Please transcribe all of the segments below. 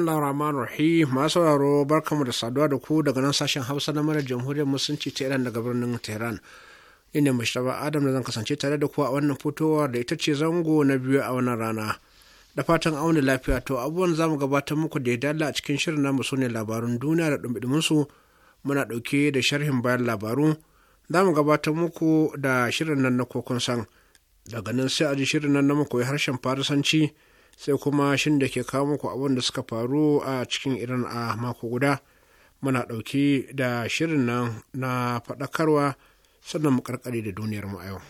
bismillah rahman rahim masu sauraro barkamu da saduwa da ku daga nan sashen hausa na mara jamhuriyar musulunci ta iran daga birnin tehran mai mashtaba adam da zan kasance tare da ku a wannan fitowar da ita ce zango na biyu a wannan rana da fatan auna lafiya to abubuwan zamu gabatar muku da ya dala a cikin shirin namu su ne labarun duniya da ɗumbiɗumin su muna ɗauke da sharhin bayan labaru zamu gabatar muku da shirin nan na kokon san daga nan sai a ji shirin nan na mu koyi harshen farisanci sai kuma shin da ke kawo muku abin da suka faru a cikin irin a mako guda muna ɗauki da shirin nan na faɗakarwa sannan mu karkare da duniyar mu a yau.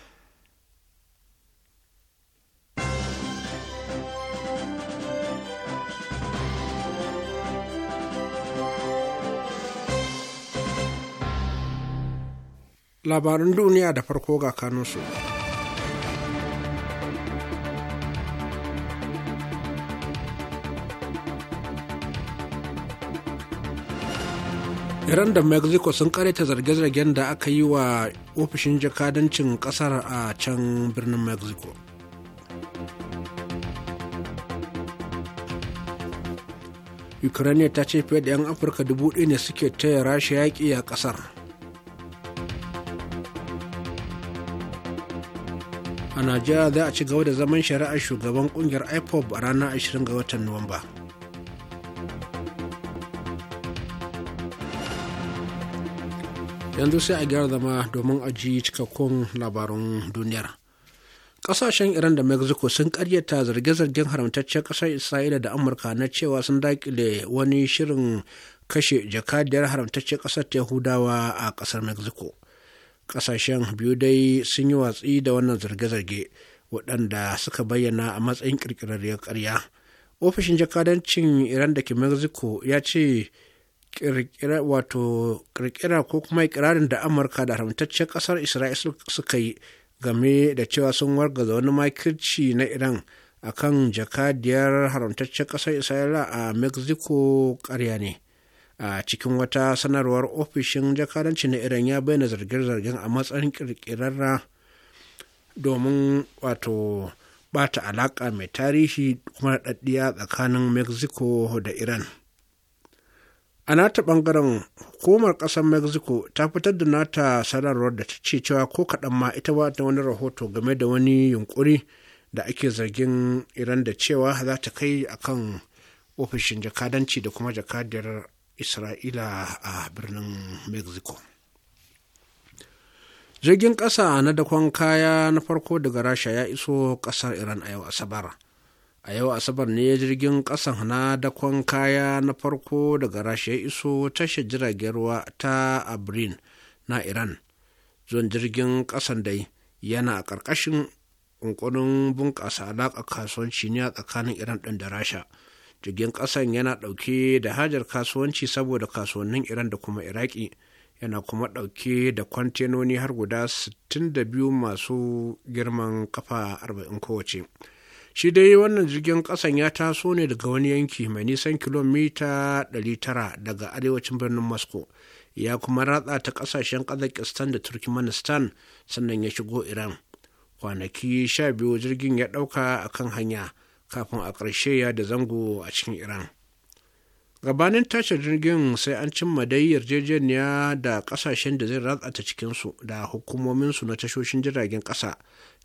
Labarin duniya da farko ga kanunsu. iran da mexico sun karyata zarge-zargen da aka yi wa ofishin jakadancin kasar a can birnin mexico ukraine ta ce fiye da 'yan afirka dubu ɗaya ne suke taya rasha yaƙi a ƙasar a najeriya za a ci gaba da zaman shari'ar shugaban ƙungiyar ipob a ranar 20 ga watan nuwamba yanzu sai a gyara zama domin a ji cikakkun labarun duniyar kasashen iran da mexico sun karyata zarge-zargen haramtaccen kasar isra'ila da amurka na cewa sun dakile wani shirin kashe jakadiyar haramtaccen kasar yahudawa a kasar mexico kasashen biyu dai sun yi watsi da wannan zarge-zarge waɗanda suka bayyana a matsayin ƙirƙirarriyar ƙarya ofishin jakadancin iran da ke mexico ya ce kirkira wato kirkira ko kuma ikirarin da amurka da haramtaccen kasar isra'il suka yi game da cewa sun wargaza wani makirci na iran akan jakadiyar haramtaccen kasar isra'ila a mexico karya ne a cikin wata sanarwar ofishin jakadanci na iran ya bayyana zargin-zargin a matsayin kirkirarra domin wato bata alaka mai tarihi kuma da tsakanin mexico da iran a nata bangaren hukumar kasar mexico ta fitar da nata sanarwar da ta ce cewa ko kaɗan ma ita ba da wani rahoto game da wani yunkuri da ake zargin iran da cewa za ta kai akan ofishin jakadanci da kuma jakadiyar isra'ila a birnin mexico jirgin ƙasa na dakon kaya na farko daga rasha ya iso ƙasar iran a yau asabar. a yau asabar ne jirgin kasan na dakon kaya na farko daga rasha iso tashar jiragen ruwa ta abrin na iran zuwan jirgin kasan dai yana a ƙarƙashin kunkunin bunƙasa alaƙa kasuwanci ne a tsakanin iran ɗin da rasha jirgin ƙasan yana ɗauke da hajar kasuwanci saboda kasuwannin iran da kuma iraki yana kuma ɗauke da kwantenoni har guda 62 masu girman kafa 40 kowace shi dai wannan jirgin kasan ya taso ne daga wani yanki mai nisan kilomita 900 daga arewacin birnin moscow ya kuma ratsa ta kasashen kazakistan da turkmenistan sannan ya shigo iran kwanaki sha biyu jirgin ya ɗauka a kan hanya kafin a ƙarshe ya da zango a cikin iran gabanin tashar jirgin sai an cimma dai yarjejeniya da kasashen da zai ratsa ta cikinsu da hukumominsu na tashoshin jiragen ƙasa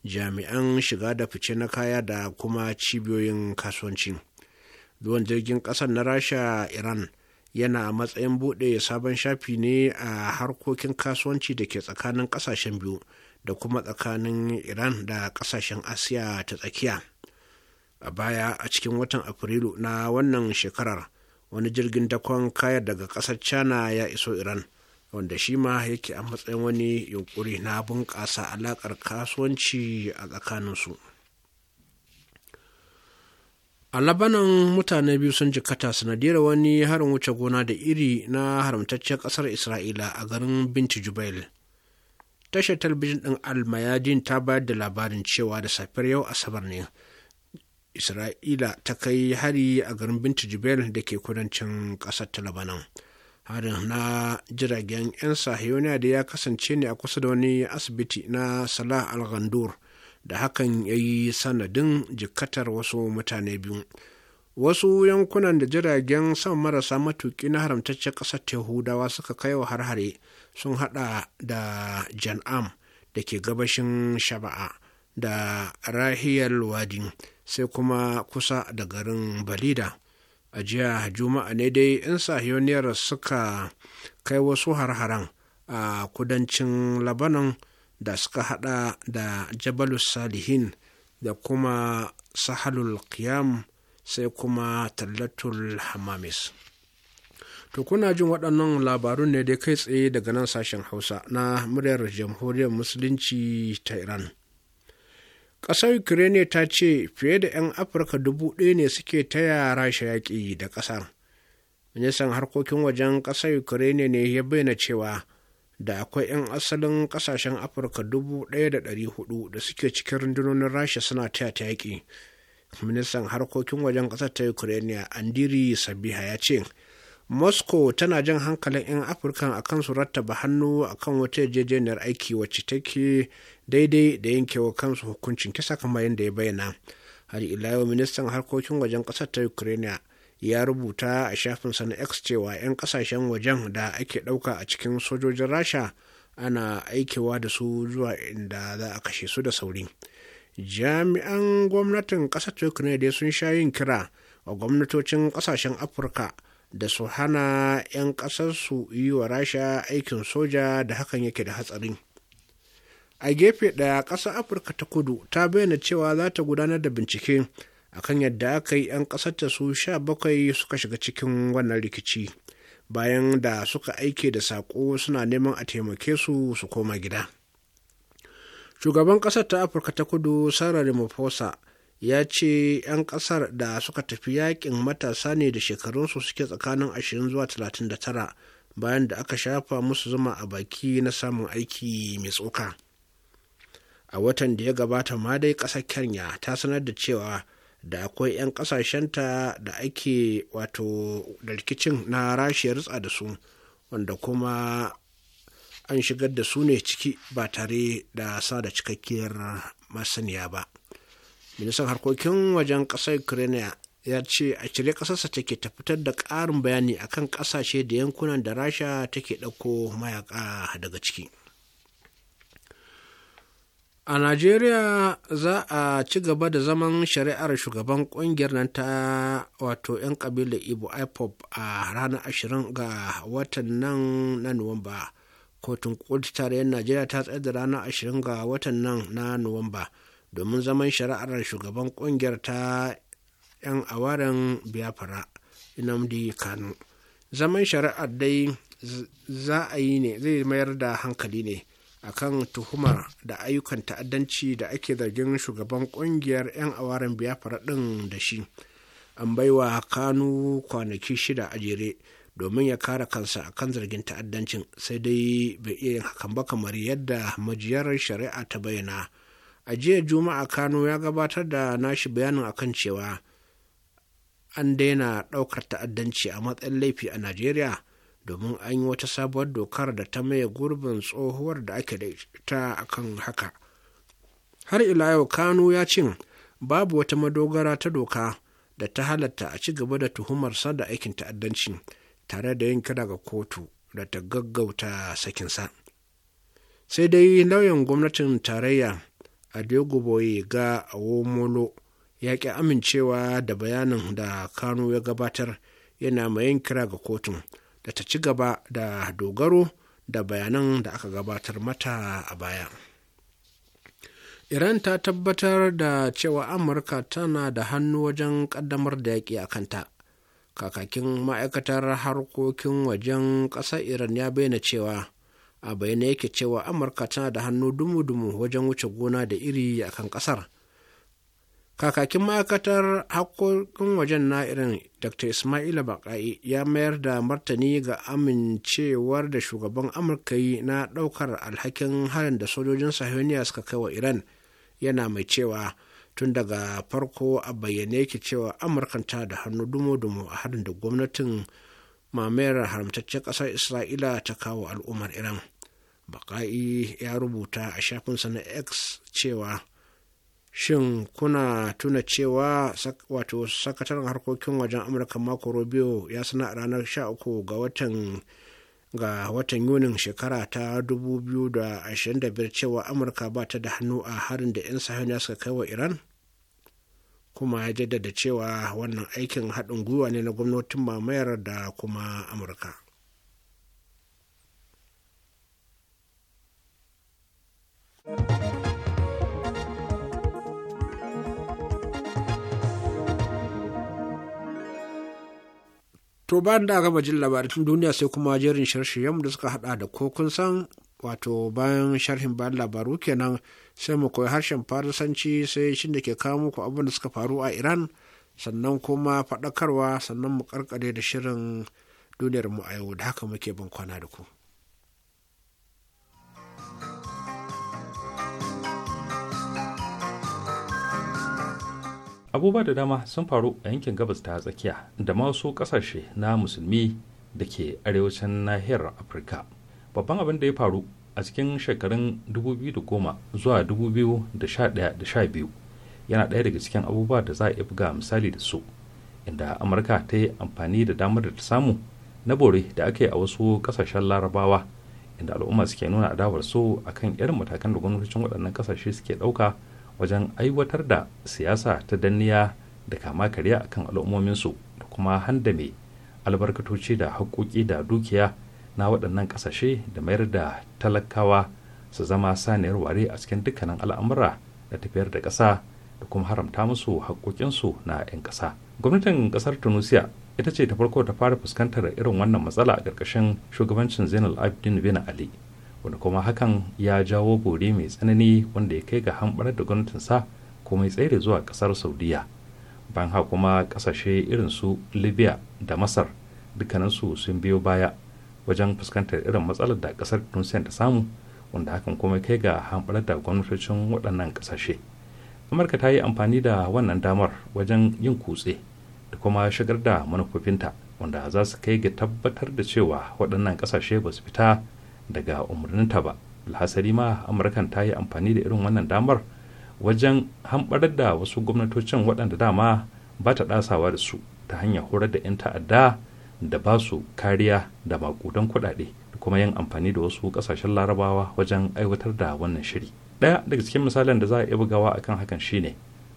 jami'an shiga da fice na kaya da kuma cibiyoyin kasuwanci zuwan jirgin kasar na rasha iran yana a matsayin bude sabon shafi ne a harkokin kasuwanci da ke tsakanin kasashen biyu da kuma tsakanin iran da kasashen asiya ta tsakiya a baya a cikin watan afrilu na wannan shekarar wani jirgin dakon kaya daga kasar china ya iso iran wanda shi ma yake a matsayin wani yunkuri na bunƙasa alaƙar kasuwanci a tsakaninsu a labanan mutane biyu sun jikata sanadiyar wani harin wuce gona da iri na haramtacciyar ƙasar isra'ila a garin binti jubail tashar talabijin ɗin almayadin ta bayar da labarin cewa da safiyar yau asabar ne isra'ila ta kai hari a garin binti jubail da ke kudancin ƙasar ta labanan harin na jiragen 'yan sahiyoniya da ya kasance ne a kusa da wani asibiti na salah al da hakan ya yi sanadin jikatar wasu mutane biyu wasu yankunan da jiragen sama marasa matuki na haramtaccen ƙasar tehudawa suka kai wa harhare sun hada da jan'am da ke gabashin shaba'a da rahiyar wadi sai kuma kusa da garin balida a jiya juma'a ne dai 'yan sahiyoniyar suka kai wasu har-haren a kudancin labanon da suka hada da jabalus salihin da kuma sahalul qiyam sai kuma tallatul hamamis to kuna jin waɗannan labarun ne dai kai tsaye daga nan sashen hausa na muryar jamhuriyar musulunci ta iran ƙasar ukraine ta ce fiye da 'yan afirka dubu ɗaya ne suke taya rasha yaƙi da ƙasar ministan harkokin wajen ƙasar ukraine ne ya bayyana cewa da akwai 'yan asalin ƙasashen afirka dubu ɗaya da ɗari hudu da suke cikin rundunonin rasha suna taya ta yaƙi ministan harkokin wajen ƙasar ta ukraine andiri sabiha ya ce moscow tana jan hankalin 'yan afirka akan su rattaba hannu akan wata yarjejeniyar aiki wacce take daidai da yankewa kansu hukuncin kisa kamar yadda ya bayyana har ila yau ministan harkokin wajen ƙasar ta ukraine ya rubuta a shafin na x cewa 'yan kasashen wajen da ake ɗauka a cikin sojojin rasha ana aikewa da su zuwa inda za a kashe su da sauri jami'an gwamnatin ƙasar ukraine dai sun sha yin kira a gwamnatocin ƙasashen afirka da su hana 'yan ƙasarsu yi wa rasha aikin soja da hakan yake da hatsarin a gefe ɗaya ƙasar afirka ta kudu ta bayyana cewa za ta gudanar da bincike akan yadda aka yi 'yan ƙasarta su sha bakwai suka shiga cikin wannan rikici bayan da suka aike da saƙo suna neman a taimake su su koma gida shugaban ƙasar ta afirka ta kudu sarah ramaphosa ya ce 'yan ƙasar da suka tafi yakin matasa ne da shekarunsu suke tsakanin 20 zuwa 39 bayan da aka shafa musu zuma a baki na samun aiki mai tsoka. a watan da ya gabata ma dai ƙasar kenya ta sanar da cewa da akwai 'yan ƙasashenta da ake wato da rikicin na rashiya rutsa da su wanda kuma an shigar da su ne ciki ba tare da sa da cikakkiyar masaniya ba ministan harkokin wajen ƙasar ukraine ya ce a cire ƙasarsa take ta fitar da ƙarin bayani akan ƙasashe da yankunan da rasha take ɗauko mayaka daga ciki. A Najeriya za a ci gaba da zaman shari'ar shugaban kungiyar nan ta wato 'yan kabilar ibo IPOP a ranar 20 ga watan nan na Nuwamba. Kotun kotu tarayyar Najeriya ta tsaye da ranar 20 ga watan nan na Nuwamba domin zaman shari'ar shugaban kungiyar ta 'yan awaren Biafra Nnamdi Kanu. Zaman shari'ar dai za a yi ne zai mayar da hankali ne. akan tuhumar da ayyukan ta'addanci da ake zargin shugaban kungiyar 'yan awaren biyafara ɗin da shi an baiwa kanu kwanaki shida a jere domin ya kare kansa akan zargin ta'addancin sai dai bai iya yin hakan ba kamar yadda majiyar shari'a ta bayyana a jiya juma'a kano ya gabatar da nashi bayanin akan cewa an daina ɗaukar ta'addanci a matsayin laifi a najeriya domin an yi wata sabuwar dokar da ta maye gurbin tsohuwar da ake da ita akan haka har ila yau kano ya ce babu wata madogara ta doka da ta halatta a ci gaba da tuhumarsa da aikin ta'addanci tare da yin kira ga kotu da ta gaggauta sakinsa sai dai lauyan gwamnatin tarayya a boye ga awomolo ya ƙi amincewa da bayanin da kano ya gabatar yana mayin kira ga kotun da ta ci gaba da dogaro da bayanan da aka gabatar mata a baya. Iran ta tabbatar da cewa Amurka tana da hannu wajen ƙaddamar da yaƙi a kanta. Kakakin ma'aikatar harkokin wajen ƙasar Iran ya bayyana cewa a bayyana yake cewa Amurka tana da hannu dumu-dumu wajen wuce gona da iri a kan ƙasar kakakin ma'aikatar haƙoƙin wajen na irin dr ismaila Bakai ya mayar da martani ga amincewar da shugaban amurka yi na ɗaukar alhakin harin da sojojin sahiyoniya suka kai wa iran yana mai cewa tun daga farko a bayyane yake cewa amurkanta da hannu dumo-dumo a harin da gwamnatin mamayar haramtaccen ƙasar isra'ila ta kawo al'ummar iran Bakai ya rubuta a shafinsa na x cewa shin kuna tuna cewa wato sakataren harkokin wajen amurka mako rubio ya sana a ranar 13 ga watan ga watan yunin shekara ta 2025 cewa amurka ba ta da hannu a harin da 'yan sahiyoniya suka kai wa iran kuma ya jaddada cewa wannan aikin haɗin gwiwa ne na gwamnatin mamayar da kuma amurka thank you To bayan da aka jin labarin duniya sai kuma jerin shirye-shiryen da suka hada da ko san wato bayan sharhin bayan labaru kenan sai mu koyi harshen farisanci sai shin da ke kawo muku abin da suka faru a Iran sannan kuma faɗakarwa sannan mu karkare da shirin duniyar mu a yau da haka muke ban kwana da ku. abubuwa da dama sun faru a yankin gabas ta tsakiya da masu kasashe na musulmi da ke arewacin nahiyar afirka babban abin da ya faru a cikin shekarun 2010 zuwa 2011-12 yana ɗaya daga cikin abubuwa da za a buga misali da su inda amurka ta yi amfani da damar da ta samu na bore da aka yi a wasu kasashen larabawa inda al'umma suke nuna adawar su akan irin matakan da gwamnatocin waɗannan kasashe suke ɗauka wajen aiwatar da siyasa ta danniya da kama karya akan al'ummominsu da kuma handame albarkatoci da haƙoƙi da dukiya na waɗannan ƙasashe da mayar da talakawa su zama saniyar ware a cikin dukkanin al'amura da tafiyar da ƙasa da kuma haramta musu haƙoƙinsu na 'yan ƙasa gwamnatin ƙasar tunisia ita ce ta farko ta fara fuskantar irin wannan matsala a ƙarƙashin shugabancin zainal abidin bin ali wanda kuma hakan ya jawo bore mai tsanani wanda ya kai ga hambar da gwamnatinsa kuma ya tsere zuwa kasar saudiya ban ha kuma kasashe irin su libya da masar dukkaninsu sun biyo baya wajen fuskantar irin matsalar da kasar tunisiya ta samu wanda hakan kuma kai ga hambar da gwamnatocin waɗannan kasashe amurka ta yi amfani da wannan damar wajen yin kutse da kuma shigar da manufofinta wanda za su kai ga tabbatar da cewa waɗannan kasashe ba su fita daga umarninta ba alhasari ma amurkan ta yi amfani da irin wannan damar wajen hambarar da wasu gwamnatocin waɗanda dama ba ta ɗasawa da su ta hanyar horar da 'yan ta'adda da ba su kariya da makudan kuɗaɗe da kuma yin amfani da wasu ƙasashen larabawa wajen aiwatar da wannan shiri ɗaya daga cikin misalin da za a iya bugawa akan hakan shine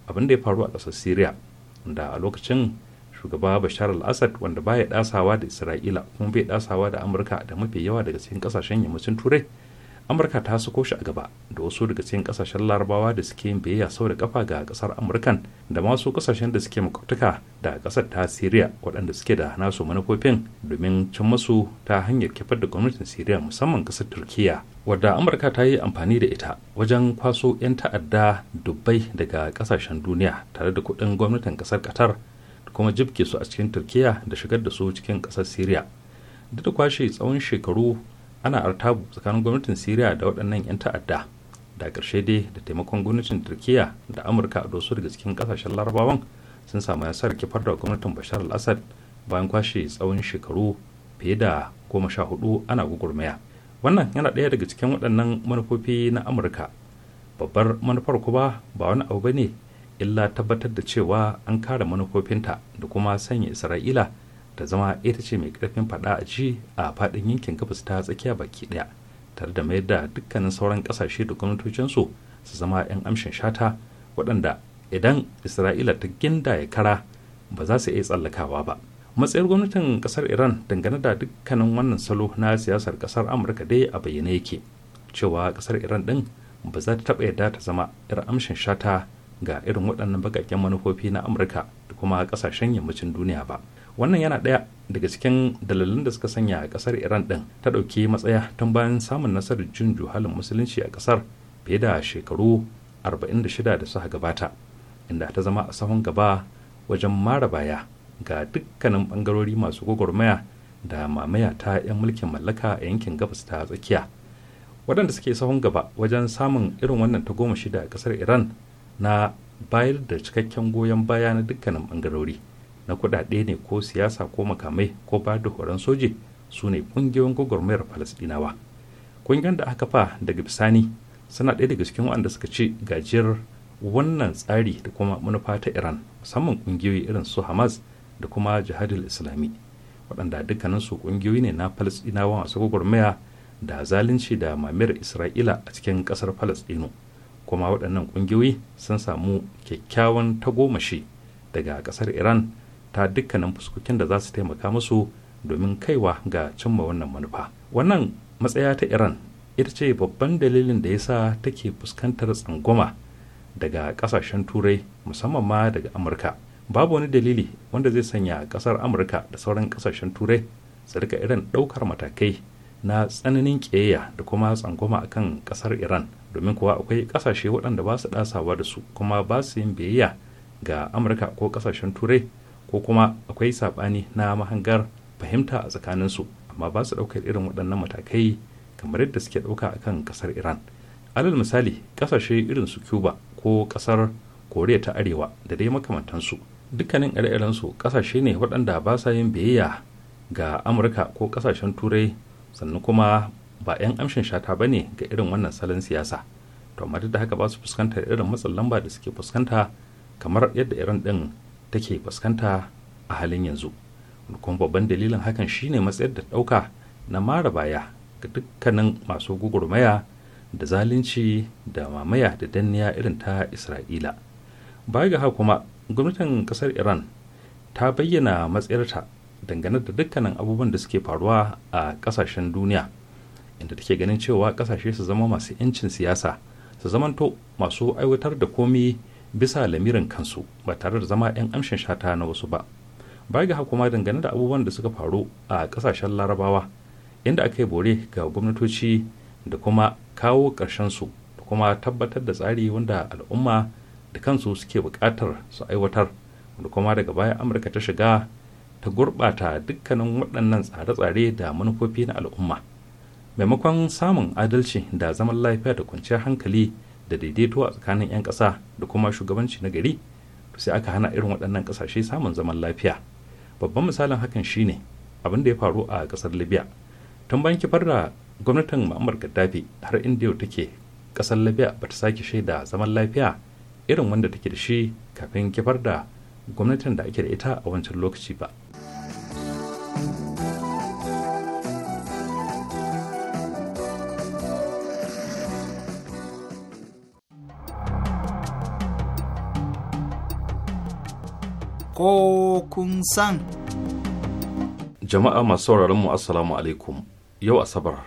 abin da ya faru a ƙasar syria da a lokacin shugaba bashar al-assad wanda baya dasawa da isra'ila kuma bai dasawa da amurka da mafi yawa daga cikin kasashen yammacin turai amurka ta sako shi a gaba da wasu daga cikin kasashen larabawa da suke yin biyayya sau da kafa ga kasar amurkan da masu kasashen da suke makwabtaka da kasar ta syria waɗanda suke da nasu manufofin domin cin masu ta hanyar kifar da gwamnatin syria musamman kasar turkiya wadda amurka ta yi amfani da ita wajen kwaso 'yan ta'adda dubbai daga kasashen duniya tare da kuɗin gwamnatin kasar qatar kuma jibke su a cikin turkiya da shigar da su cikin kasar syria duk da kwashe tsawon shekaru ana artabu tsakanin gwamnatin syria da waɗannan 'yan ta'adda da ƙarshe dai da taimakon gwamnatin turkiya da amurka a dosu daga cikin ƙasashen larabawan sun samu nasarar kifar da gwamnatin bashar al-assad bayan kwashe tsawon shekaru fiye da goma sha hudu ana gugurmaya wannan yana ɗaya daga cikin waɗannan manufofi na amurka babbar manufar kuma ba wani abu ba ne illa tabbatar da cewa an kare manufofinta da kuma sanya isra'ila ta zama ita ce mai karfin fada a ci a fadin yankin gabas ta tsakiya baki daya tare da mayar da dukkanin sauran kasashe da gwamnatocinsu su zama 'yan amshin shata waɗanda idan isra'ila ta ginda ya kara ba za su iya tsallakawa ba matsayin gwamnatin kasar iran dangane da dukkanin wannan salo na siyasar kasar amurka dai a bayyane yake cewa kasar iran din ba za ta taɓa yarda ta zama 'yar amshin shata ga irin waɗannan bakakken manufofi na amurka da kuma ƙasashen yammacin duniya ba wannan yana ɗaya daga cikin dalilin da suka sanya a ƙasar iran ɗin ta ɗauki matsaya tun bayan samun nasarar jin juhalin musulunci a ƙasar fiye da shekaru 46 da suka gabata inda ta zama a sahun gaba wajen mara baya ga dukkanin ɓangarori masu gwagwarmaya da mamaya ta 'yan mulkin mallaka a yankin gabas ta tsakiya waɗanda suke sahun gaba wajen samun irin wannan ta goma shida a ƙasar iran na bayar da cikakken goyon baya na dukkanin bangarori na kudade ne ko siyasa ko makamai ko ba da horon soji su ne kungiyoyin gwagwarmayar falasdinawa kungiyar da aka fa daga bisani suna ɗaya daga cikin waɗanda suka ci gajiyar wannan tsari da kuma manufa ta iran musamman kungiyoyi irin su hamas da kuma jihadul islami waɗanda dukkanin su kungiyoyi ne na falasdinawa masu gwagwarmaya da zalunci da mamayar isra'ila a cikin ƙasar falasɗinu. kuma waɗannan ƙungiyoyi sun samu kyakkyawan tagomashi daga ƙasar iran ta dukkanin fuskokin da za su taimaka musu domin kaiwa ga cimma wannan manufa wannan matsaya ta iran ita ce babban dalilin da ya sa take fuskantar tsangwama daga ƙasashen turai musamman ma daga amurka babu wani dalili wanda zai sanya ƙasar amurka da sauran ƙasashen turai su rika irin ɗaukar matakai na tsananin ƙeya da kuma tsangwama akan ƙasar iran domin kuwa akwai ƙasashe waɗanda ba su ɗasawa da su kuma ba su yin biyayya ga amurka ko ƙasashen turai ko kuma akwai saɓani na mahangar fahimta a tsakanin su amma ba su ɗaukar irin waɗannan matakai kamar yadda suke ɗauka a kan ƙasar iran alal misali ƙasashe irin su cuba ko ƙasar koriya ta arewa da dai makamantansu dukkanin ire-irensu ƙasashe ne waɗanda ba sa yin biyayya ga amurka ko ƙasashen turai sannan kuma ba 'yan amshin shata ba ne ga irin wannan salon siyasa to amma duk da haka ba su fuskantar irin matsin lamba da suke fuskanta kamar yadda iran din take fuskanta a halin yanzu kuma babban dalilin hakan shine matsayar da ɗauka na mara baya ga dukkanin masu gugurmaya da zalunci da mamaya da danniya irin ta isra'ila ba ga haka kuma gwamnatin kasar iran ta bayyana matsayarta dangane da dukkanin abubuwan da suke faruwa a kasashen duniya inda take ganin cewa kasashe su zama masu 'yancin siyasa su zamanto masu aiwatar da komi bisa lamirin kansu ba tare da zama 'yan amshin shata na wasu ba baya ga kuma dangane da abubuwan da suka faru a kasashen larabawa inda aka yi bore ga gwamnatoci da kuma kawo su da kuma tabbatar da tsari wanda al'umma da kansu suke buƙatar su aiwatar da kuma daga baya amurka ta shiga ta gurɓata dukkanin waɗannan tsare-tsare da manufofi na al'umma maimakon samun adalci da zaman lafiya da kwanciyar hankali da daidaito a tsakanin 'yan ƙasa da kuma shugabanci na gari sai aka hana irin waɗannan ƙasashe samun zaman lafiya babban misalin hakan shine abin da ya faru a ƙasar libya tun bayan kifar da gwamnatin ma'amar gaddafi har inda yau take ƙasar libya ba ta sake shaida zaman lafiya irin wanda take da shi kafin kifar da gwamnatin da ake da ita a wancan lokaci ba ko kun san. Jama'a masu sauraron mu Assalamu alaikum yau Asabar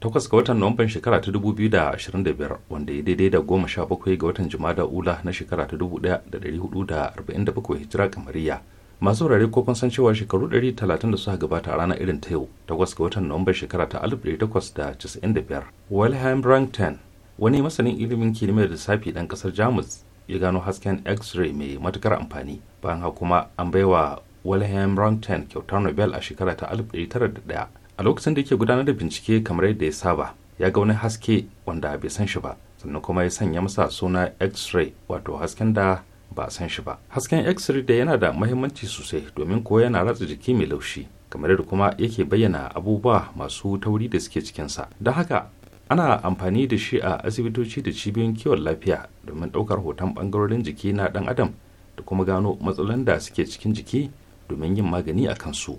takwas ga watan Nuwamban shekara ta 2025 wanda ya daidai da goma sha bakwai ga watan Jumada Ula na shekara ta 1447 hijira kamariya. Masu saurare ko kun san cewa shekaru 130 da suka gabata a ranar irin ta yau takwas ga watan Nuwamban shekara ta 1895 Wilhelm Rankin wani masanin ilimin da safi ɗan ƙasar Jamus ya gano hasken x-ray mai matukar amfani bayan haka kuma an bai baiwa wilhelm rankin kyautar nobel a shekara ta 1901 a lokacin da yake gudanar da bincike kamar yadda ya saba ya ga wani haske wanda bai san shi ba sannan kuma ya sanya masa suna x-ray wato hasken da ba san shi ba hasken x-ray da yana da mahimmanci sosai domin ko yana ratsa jiki mai laushi kamar da kuma yake bayyana abubuwa masu tauri da suke cikinsa don haka ana amfani da shi a asibitoci da cibiyoyin kiwon lafiya domin ɗaukar hoton ɓangarorin jiki na ɗan adam da kuma gano matsalolin da suke cikin jiki domin yin magani a kansu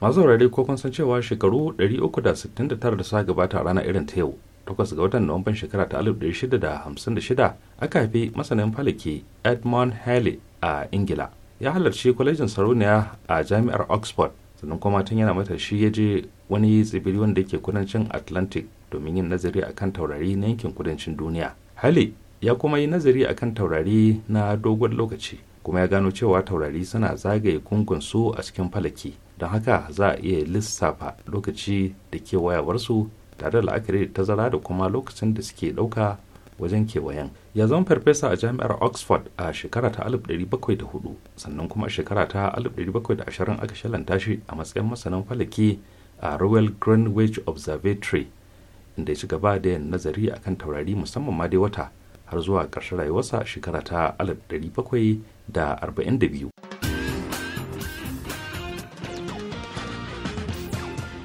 masu rarrai ko kun san cewa shekaru 369 da suka gabata a ranar irin ta yau takwas ga watan nuwamban shekara ta 1656 aka haifi masanin falake edmund haley a ingila ya halarci kwalejin sarauniya a jami'ar oxford sannan kuma tun yana mata shi ya je wani tsibiri wanda yake kudancin atlantic domin yin nazari akan taurari na yankin kudancin duniya hali ya kuma yi nazari akan taurari na dogon lokaci kuma ya gano cewa taurari suna zagaye gungun su a cikin falaki don haka za a iya lissafa lokaci da kewayawarsu tare da la'akari da tazara da kuma lokacin da suke ɗauka wajen kewayen ya zama farfesa a jami'ar oxford a shekara ta 1704 sannan kuma a shekara ta 1720 aka shalanta shi a matsayin masanin falaki a royal greenwich observatory inda ya ci gaba da yin nazari akan taurari musamman ma dai wata har zuwa ƙarshen rayuwarsa shekara ta 1742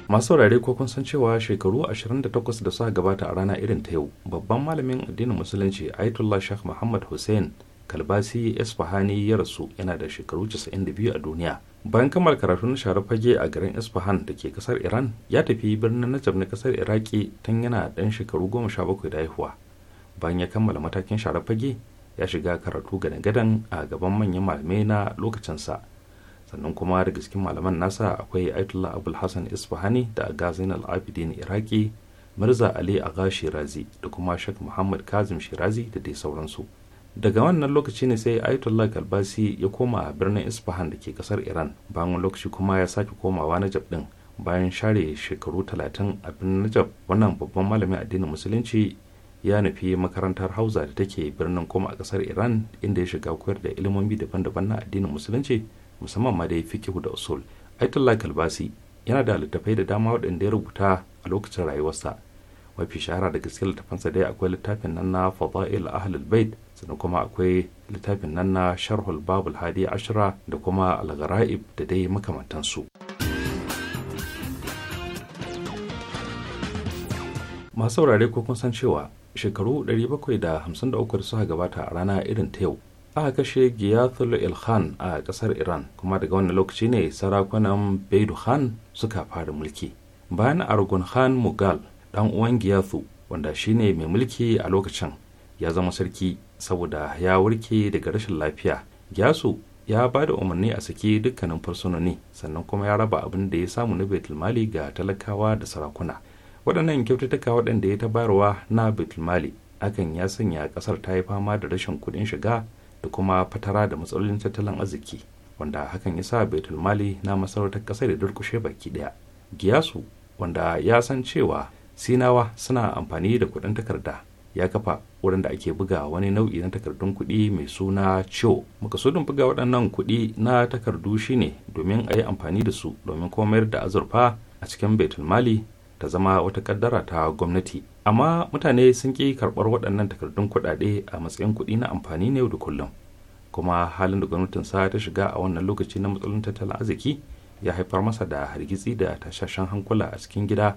masu saurare ko kun san cewa shekaru 28 da suka gabata a rana irin ta yau babban malamin addinin musulunci ayatollah shah muhammad hussein kalbasi isfahani ya rasu yana da shekaru 92 a duniya bayan kammala karatu na fage a garin isfahan da ke kasar iran ya tafi birnin najab na kasar iraki tun yana dan shekaru 17 da haihuwa bayan ya kammala matakin share fage ya shiga karatu gadan-gadan a gaban manyan malamai na lokacinsa sannan kuma daga cikin malaman nasa akwai aitullah abul hassan isfahani da zainal abidin iraki mirza ali aga shirazi da kuma shek muhammad kazim shirazi da dai sauransu daga wannan lokaci ne sai aitullah kalbasi ya koma a birnin isfahan da ke kasar iran bayan lokaci kuma ya sake komawa najab din bayan share shekaru talatin a birnin najab wannan babban malamin addinin musulunci ya nufi makarantar hausa da take birnin koma a kasar iran inda ya shiga koyar da ilimomi daban-daban na addinin musulunci musamman ma dai fikihu da usul Aitullah Kalbasi yana da littafai da dama waɗanda ya rubuta a lokacin rayuwarsa mafi shahara da gaske littafansa dai akwai littafin nan na fada'il ahlul bait sannan kuma akwai littafin nan na sharhul babul hadi ashira da kuma al da dai makamantansu masu saurare ko kun san cewa shekaru 753 da suka gabata a rana irin ta yau aka kashe Giyathul Ilkhan a kasar Iran kuma daga wannan lokaci ne sarakunan Beidu Khan suka fara mulki. Bayan Argun Khan Mughal dan uwan Giyathu wanda shine mai mulki a lokacin ya zama sarki saboda ya warke daga rashin lafiya. giyathu ya ba da umarni a saki dukkanin fursunoni sannan kuma ya raba abin da ya samu na Baitulmali ga talakawa da sarakuna. Waɗannan kyaututtuka waɗanda ya ta na Baitulmali akan ya sanya ƙasar ta yi fama da rashin kuɗin shiga da kuma fatara da matsalolin tattalin arziki wanda hakan ya sa betul mali na masarautar kasar da durkushe baki daya giyasu wanda ya san cewa sinawa suna amfani da kuɗin takarda ya kafa wurin da ake buga wani nau'i na takardun kuɗi mai suna cho makasudin buga waɗannan kuɗi na takardu shine domin a yi amfani da su domin komayar da azurfa a cikin baitul mali ta zama wata kaddara ta gwamnati amma mutane sun ƙi karɓar waɗannan takardun kuɗaɗe a matsayin kuɗi na amfani na yau da kullum kuma halin da gwamnatin sa ta shiga a wannan lokaci na matsalolin tattalin arziki ya haifar masa da hargitsi da tashashen hankula a cikin gida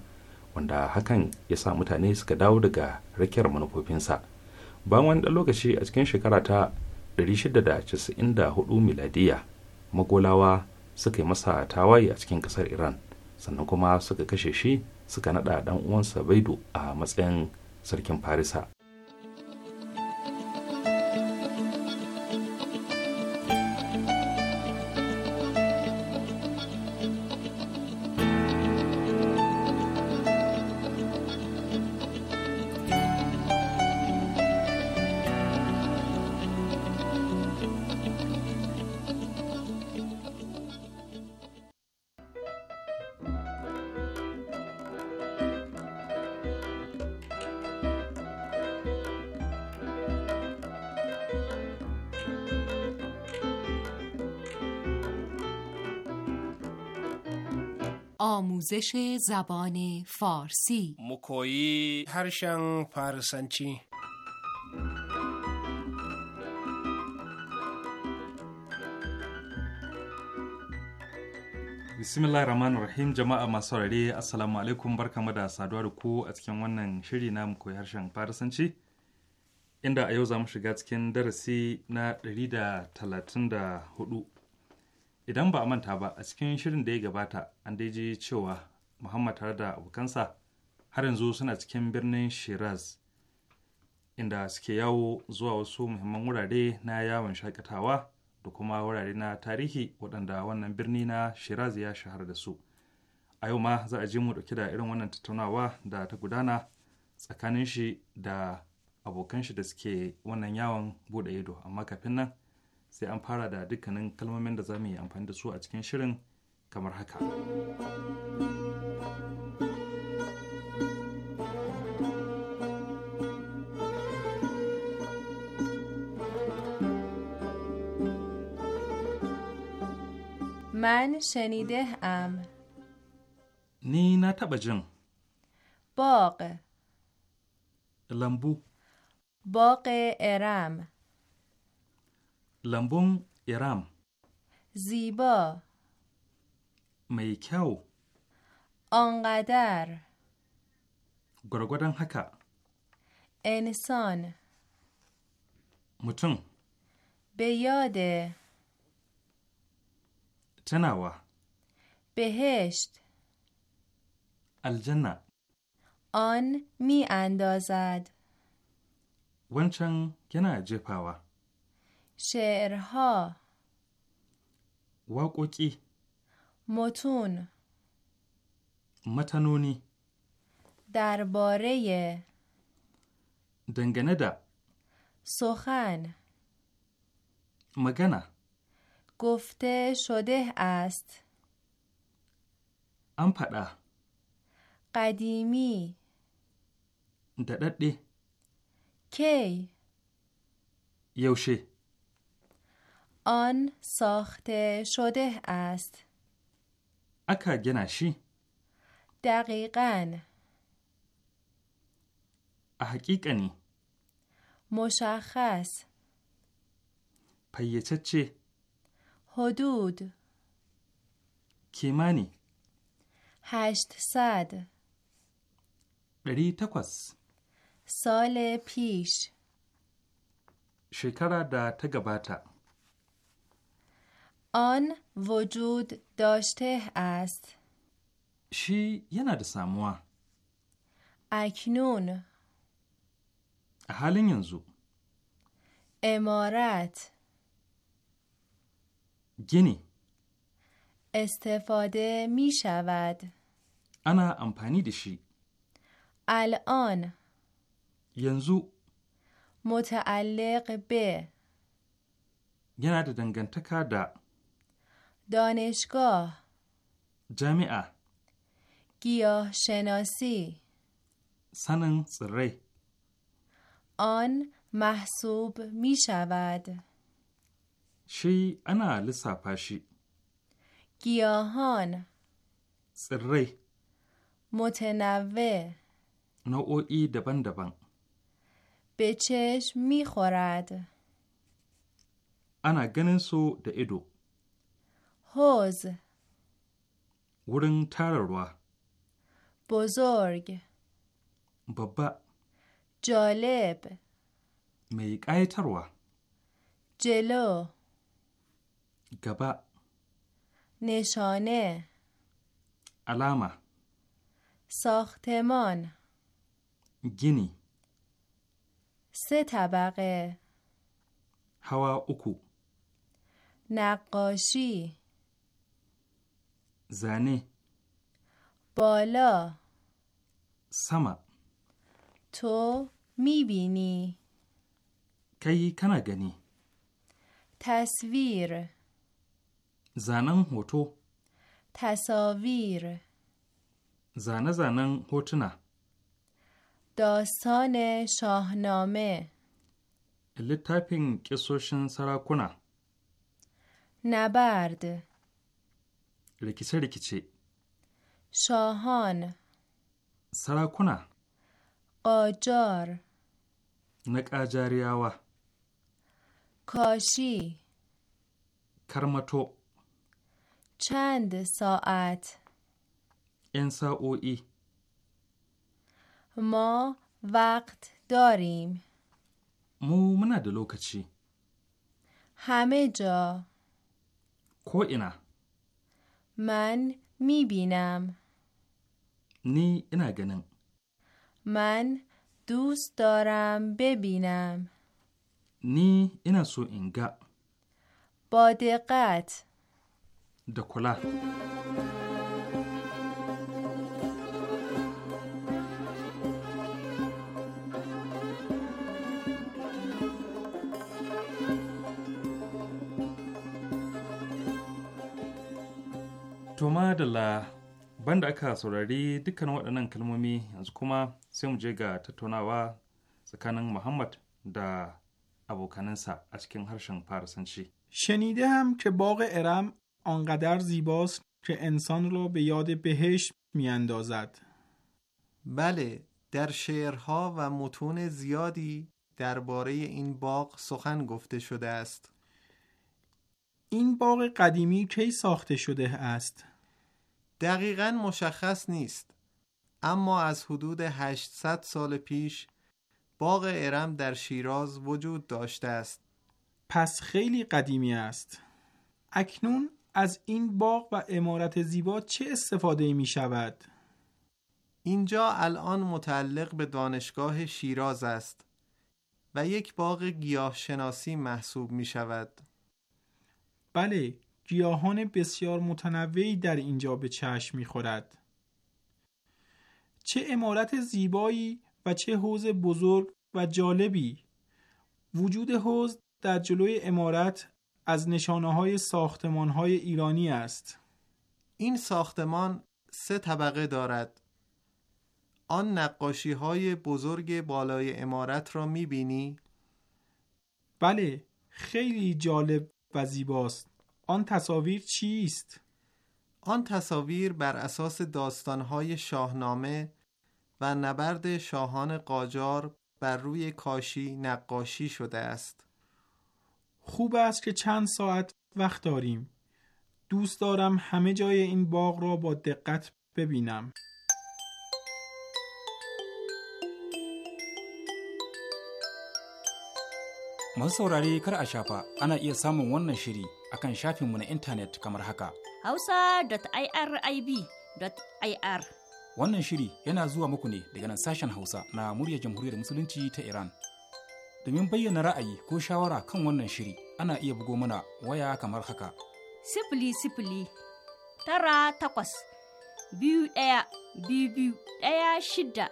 wanda hakan ya sa mutane suka dawo daga rakiyar manufofinsa bayan wani ɗan lokaci a cikin shekara ta 694 miladiya magolawa suka yi masa tawaye a cikin ƙasar iran sannan kuma suka kashe shi suka naɗa ɗan uwansa baido a matsayin sarkin farisa آموزش زبان فارسی مکویی هرشن فارسنچی bismillah rahman rahim jama'a masu saurare assalamu alaikum barka da saduwa da ku a cikin wannan shiri na mu koyi harshen farisanci inda a yau za mu shiga cikin darasi na 134 idan ba a manta ba a cikin shirin da ya gabata an dai ji cewa muhammad tare da abokansa har yanzu suna cikin birnin shiraz inda suke yawo zuwa wasu muhimman wurare na yawon shakatawa da kuma wurare na tarihi waɗanda wannan birni na shiraz ya shahara da su a yau ma za a ji mu ɗauke da irin wannan tattaunawa da ta gudana tsakanin shi da abokan shi da suke wannan yawon buɗe ido amma kafin nan sai an fara da dukkanin kalmomin da za mu yi amfani da su a cikin shirin kamar haka. am. ni na taɓa jin. جن lambu. لمبو eram. ram. لمبون ارم زیبا میکو آنقدر گرگودن حکا انسان متون به یاد بهشت الجنه آن می اندازد ونچن کنا جپاوه شعرها واکوکی متون متنونی درباره دنگنه دا سخن مگنه گفته شده است امپدا قدیمی دددی کی یوشه آن ساخته شده است اکا گنشی دقیقا نی مشخص پیچه چی؟ حدود کیمانی هشت صد بری تکوس سال پیش شکر در تگباته آن وجود داشته است شی یه نده اکنون حالی ینزو امارت گینی استفاده می شود انا امپانی دشی الان ینزو متعلق به یه نده دنگنتکا da دانشگاه جامعه گیاه شناسی سنن سره آن محسوب می شود شی انا پاشی گیاهان سره متنوع نوعی دبن دبن به چشم می خورد انا گنسو ده ایدو هوز wurin tararwa بزرگ بابا جالب mai ƙayatarwa جلو گبا نشانه علامه ساختمان گینی سه طبقه هوا اوکو نقاشی زنه بالا سما تو میبینی کی کنا گنی تصویر زنن هوتو تصاویر زنه زنن هوتنا داستان شاهنامه littafin kisoshin sarakuna. Nabard rikice rikice Shahon. sarakuna ƙajar na ƙajariyawa kashi karmato Cand sa'at in sa'o'i ma waqt darim mu muna da lokaci hameja ko ina من می بینم نی اینا گنن من دوست دارم ببینم نی اینا سو اینگا با دقت دکلا To madalla banda aka saurari dukkan waɗannan kalmomi yanzu kuma sai mu je ga tattaunawa tsakanin Muhammad da abokanansa a cikin harshen Farisanci. شنیده هم که باغ ارم آنقدر زیباست که انسان را به یاد بهشت میاندازد. بله، در شعرها و متون زیادی درباره این باغ سخن گفته شده است. این باغ قدیمی کی ساخته شده است؟ دقیقا مشخص نیست اما از حدود 800 سال پیش باغ ارم در شیراز وجود داشته است پس خیلی قدیمی است اکنون از این باغ و امارت زیبا چه استفاده می شود؟ اینجا الان متعلق به دانشگاه شیراز است و یک باغ گیاهشناسی محسوب می شود بله گیاهان بسیار متنوعی در اینجا به چشم میخورد چه امارت زیبایی و چه حوز بزرگ و جالبی وجود حوز در جلوی امارت از نشانه های ساختمان های ایرانی است این ساختمان سه طبقه دارد آن نقاشی های بزرگ بالای امارت را می بینی؟ بله خیلی جالب و زیباست آن تصاویر چیست؟ آن تصاویر بر اساس داستانهای شاهنامه و نبرد شاهان قاجار بر روی کاشی نقاشی شده است. خوب است که چند ساعت وقت داریم. دوست دارم همه جای این باغ را با دقت ببینم. akan shafin mu na intanet kamar haka. hausa.irib.ir Wannan shiri yana zuwa muku ne daga nan sashen Hausa na muryar Jamhuriyar Musulunci ta Iran. Domin bayyana ra'ayi ko shawara kan wannan shiri ana iya bugo mana waya kamar haka. Sifili sifili tara takwas biyu ɗaya biyu biyu ɗaya shida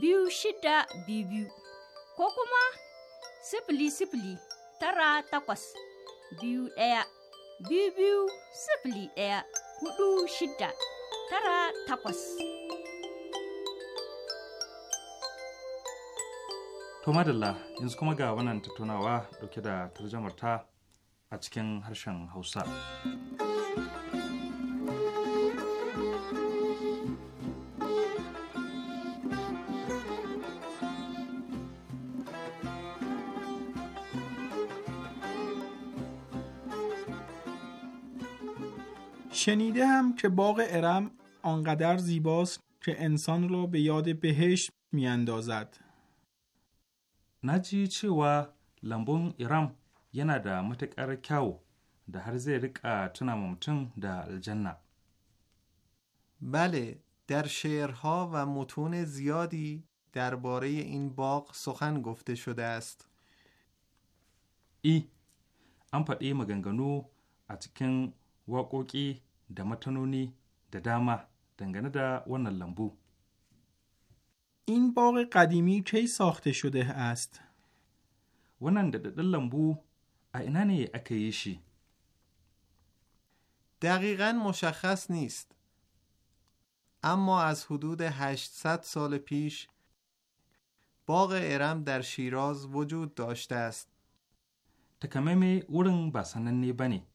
biyu shida biyu biyu ko kuma sifili sifili tara takwas biyu ɗaya biyu biyu sifili ɗaya hudu shida tara takwas. To madalla yanzu kuma ga wannan tattaunawa dauke da tarjamarta a cikin harshen Hausa. هم که باغ ارم آنقدر زیباست که انسان را به یاد بهشت میاندازد. نجی و لمبون ارم یه da matuƙar kyau da هر هر riƙa tuna ممتن دا بله در شعرها و متون زیادی درباره این باغ سخن گفته شده است. ای ام faɗi مگنگنو مگنگنو اتکن واقوکی da matanoni da dama این باغ قدیمی کی ساخته شده است؟ wannan daɗaɗɗen lambu a دقیقا مشخص نیست اما از حدود 800 سال پیش باغ ارم در شیراز وجود داشته است تکمیم اورن بسننی بنی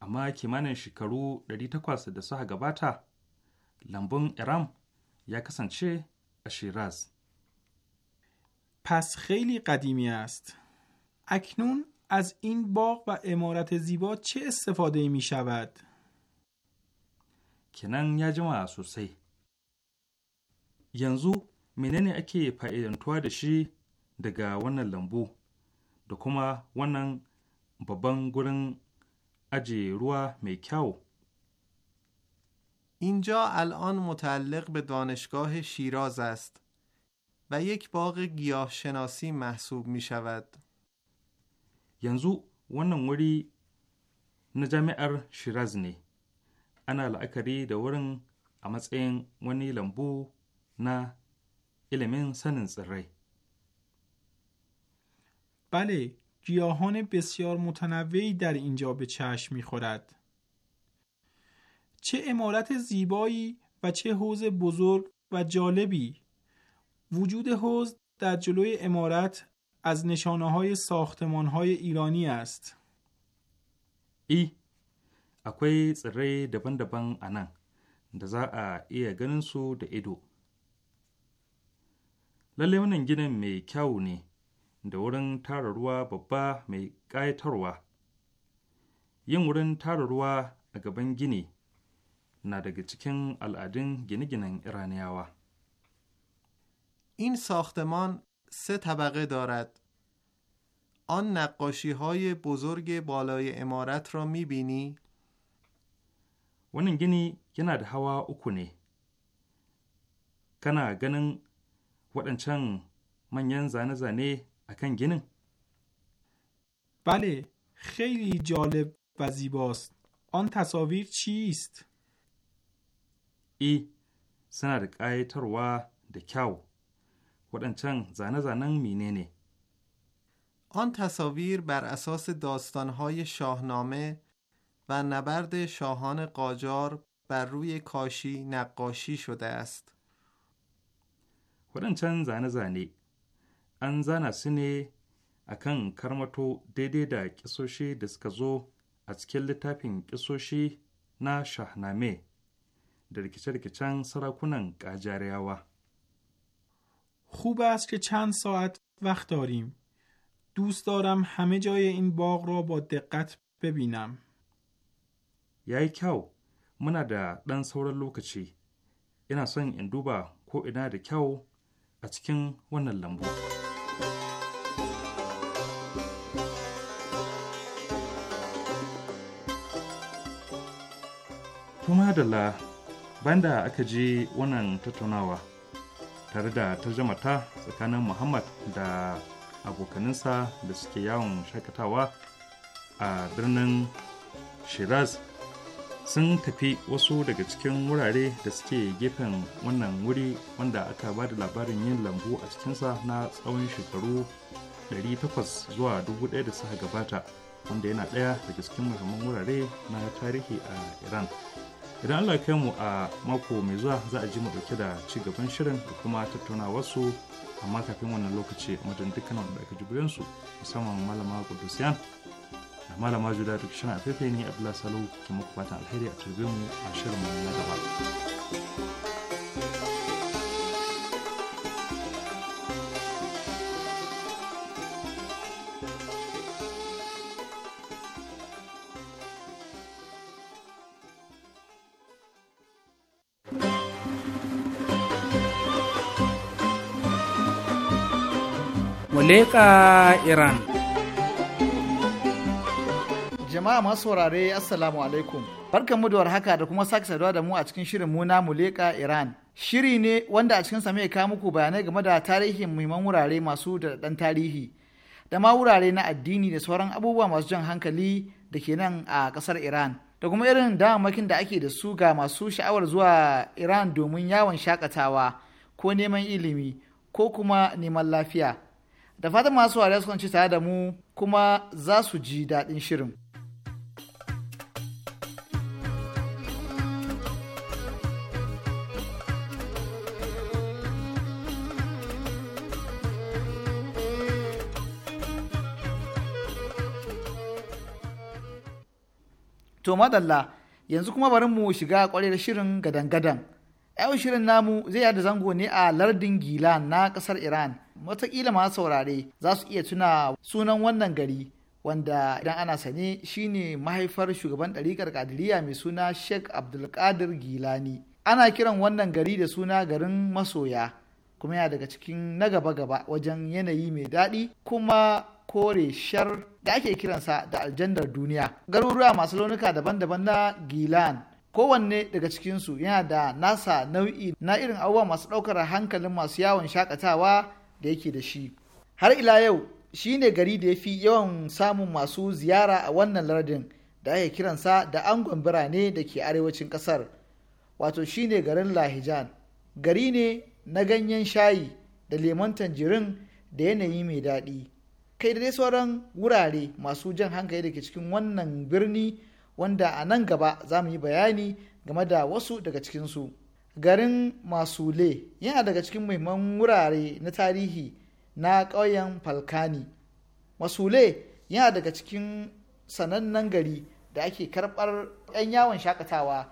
amma kimanin shekaru 800 da suka gabata lambun iram ya kasance a shiraz pas خیلی قدیمی است اکنون از این باغ و امارت زیبا چه استفاده می شود؟ kenan ya جماعه sosai yanzu menene ake fa'idantuwa da shi daga wannan lambu da kuma wannan babban gurin اجی روا می اینجا الان متعلق به دانشگاه شیراز است و یک باغ گیاهشناسی شناسی محسوب می شود یانزو ونن وری نجامعر شیراز نی انا لاکری د ورن ا ونی لمبو نا المن سنن سرای بله گیاهان بسیار متنوعی در اینجا به چشم میخورد چه امارت زیبایی و چه حوز بزرگ و جالبی وجود حوز در جلوی امارت از نشانه های ساختمان های ایرانی است ای اکوی سره دبن دبن a nan da za a iya ganin su da ido da wurin tara ruwa babba mai ƙayatarwa yin wurin tara ruwa a gaban gini na daga cikin al'adun gine-ginen iraniyawa این ساختمان سه طبقه دارد. آن نقاشی های بزرگ بالای امارت را می بینی؟ wannan gini yana da hawa uku ne kana ganin waɗancan manyan zane-zane اکن بله خیلی جالب و زیباست آن تصاویر چیست؟ ای suna تروا ƙayatarwa da آن تصاویر بر اساس داستانهای شاهنامه و نبرد شاهان قاجار بر روی کاشی نقاشی شده است. چند زنه زنی؟ an zana su ne a kan karmato daidai da ƙisoshi da suka zo a cikin littafin ƙisoshi na shahname da rikice-rikicen sarakunan ƙajariyawa. خوب است can sa'at ساعت وقت داریم. دوست دارم همه جای این باغ را با دقت ببینم. یای کیاو da دا دن سوران لوکچی. اینا سن این دوبا کو اینا دا a cikin wannan lambu. kuma bayan banda aka ji wannan tattaunawa tare da tarjamata tsakanin muhammad da abokaninsa da suke yawon shakatawa a birnin shiraz sun tafi wasu daga cikin wurare da suke gefen wannan wuri wanda aka ba da labarin yin lambu a cikinsa na tsawon shekaru 800 zuwa 1000 da suka gabata wanda yana ɗaya daga cikin muhimman wurare na tarihi a iran idan allah kai mu a mako mai zuwa za a ji mu dauke da ci gaban shirin da kuma tattauna wasu amma kafin wannan lokaci a madadin dukkan wanda aka ji su musamman malama kudusiyan مالا ماجو دا في فيني ابلا سلو كمقبات على الحيري اتربيومي عشر من المدوات ليقا إيران jama'a masu saurare assalamu alaikum barkanmu da haka da kuma sake saduwa da mu a cikin shirin mu na muleka iran shiri ne wanda a cikin mai ka muku bayanai game da tarihin muhimman wurare masu da dan tarihi da ma wurare na addini da sauran abubuwa masu jan hankali da ke nan a kasar iran da kuma irin damamakin da ake da su ga masu sha'awar zuwa iran domin yawon shakatawa ko neman ilimi ko kuma neman lafiya da fatan masu wariya su kwanci tare da mu kuma za su ji daɗin shirin. To madalla yanzu kuma bari mu shiga kwarar shirin gadangadan! gadan Yau shirin namu zai yada zango ne a lardin Gilan na kasar Iran. Matakila masu saurare za su iya tuna sunan wannan gari wanda idan ana sane shine mahaifar shugaban ɗariƙar kadiriya mai suna Sheikh Abdulkadir Gilani. Ana kiran wannan gari da suna garin masoya kuma yana daga cikin na gaba-gaba wajen yanayi mai daɗi kuma kore shar da ake kiransa da aljandar duniya garuruwa masu launuka daban-daban na gilan kowanne daga cikinsu yana da nasa nau'i na irin abubuwa masu ɗaukar hankalin masu yawon shakatawa da yake da shi har ila yau shi ne gari da ya fi yawan samun masu ziyara a wannan lardin da ake kiransa da angon birane da ke arewacin ƙasar wato shi ne garin lahijan gari ne na ganyen shayi da lemon tanjirin da yanayi mai daɗi kai da dai sauran wurare masu jan hankali da ke cikin wannan birni wanda a nan gaba za mu yi bayani game da wasu daga cikinsu garin masule yana daga cikin muhimman wurare na tarihi na ƙauyen falkani masule yana daga cikin sanannen gari da ake karɓar 'yan yawon shakatawa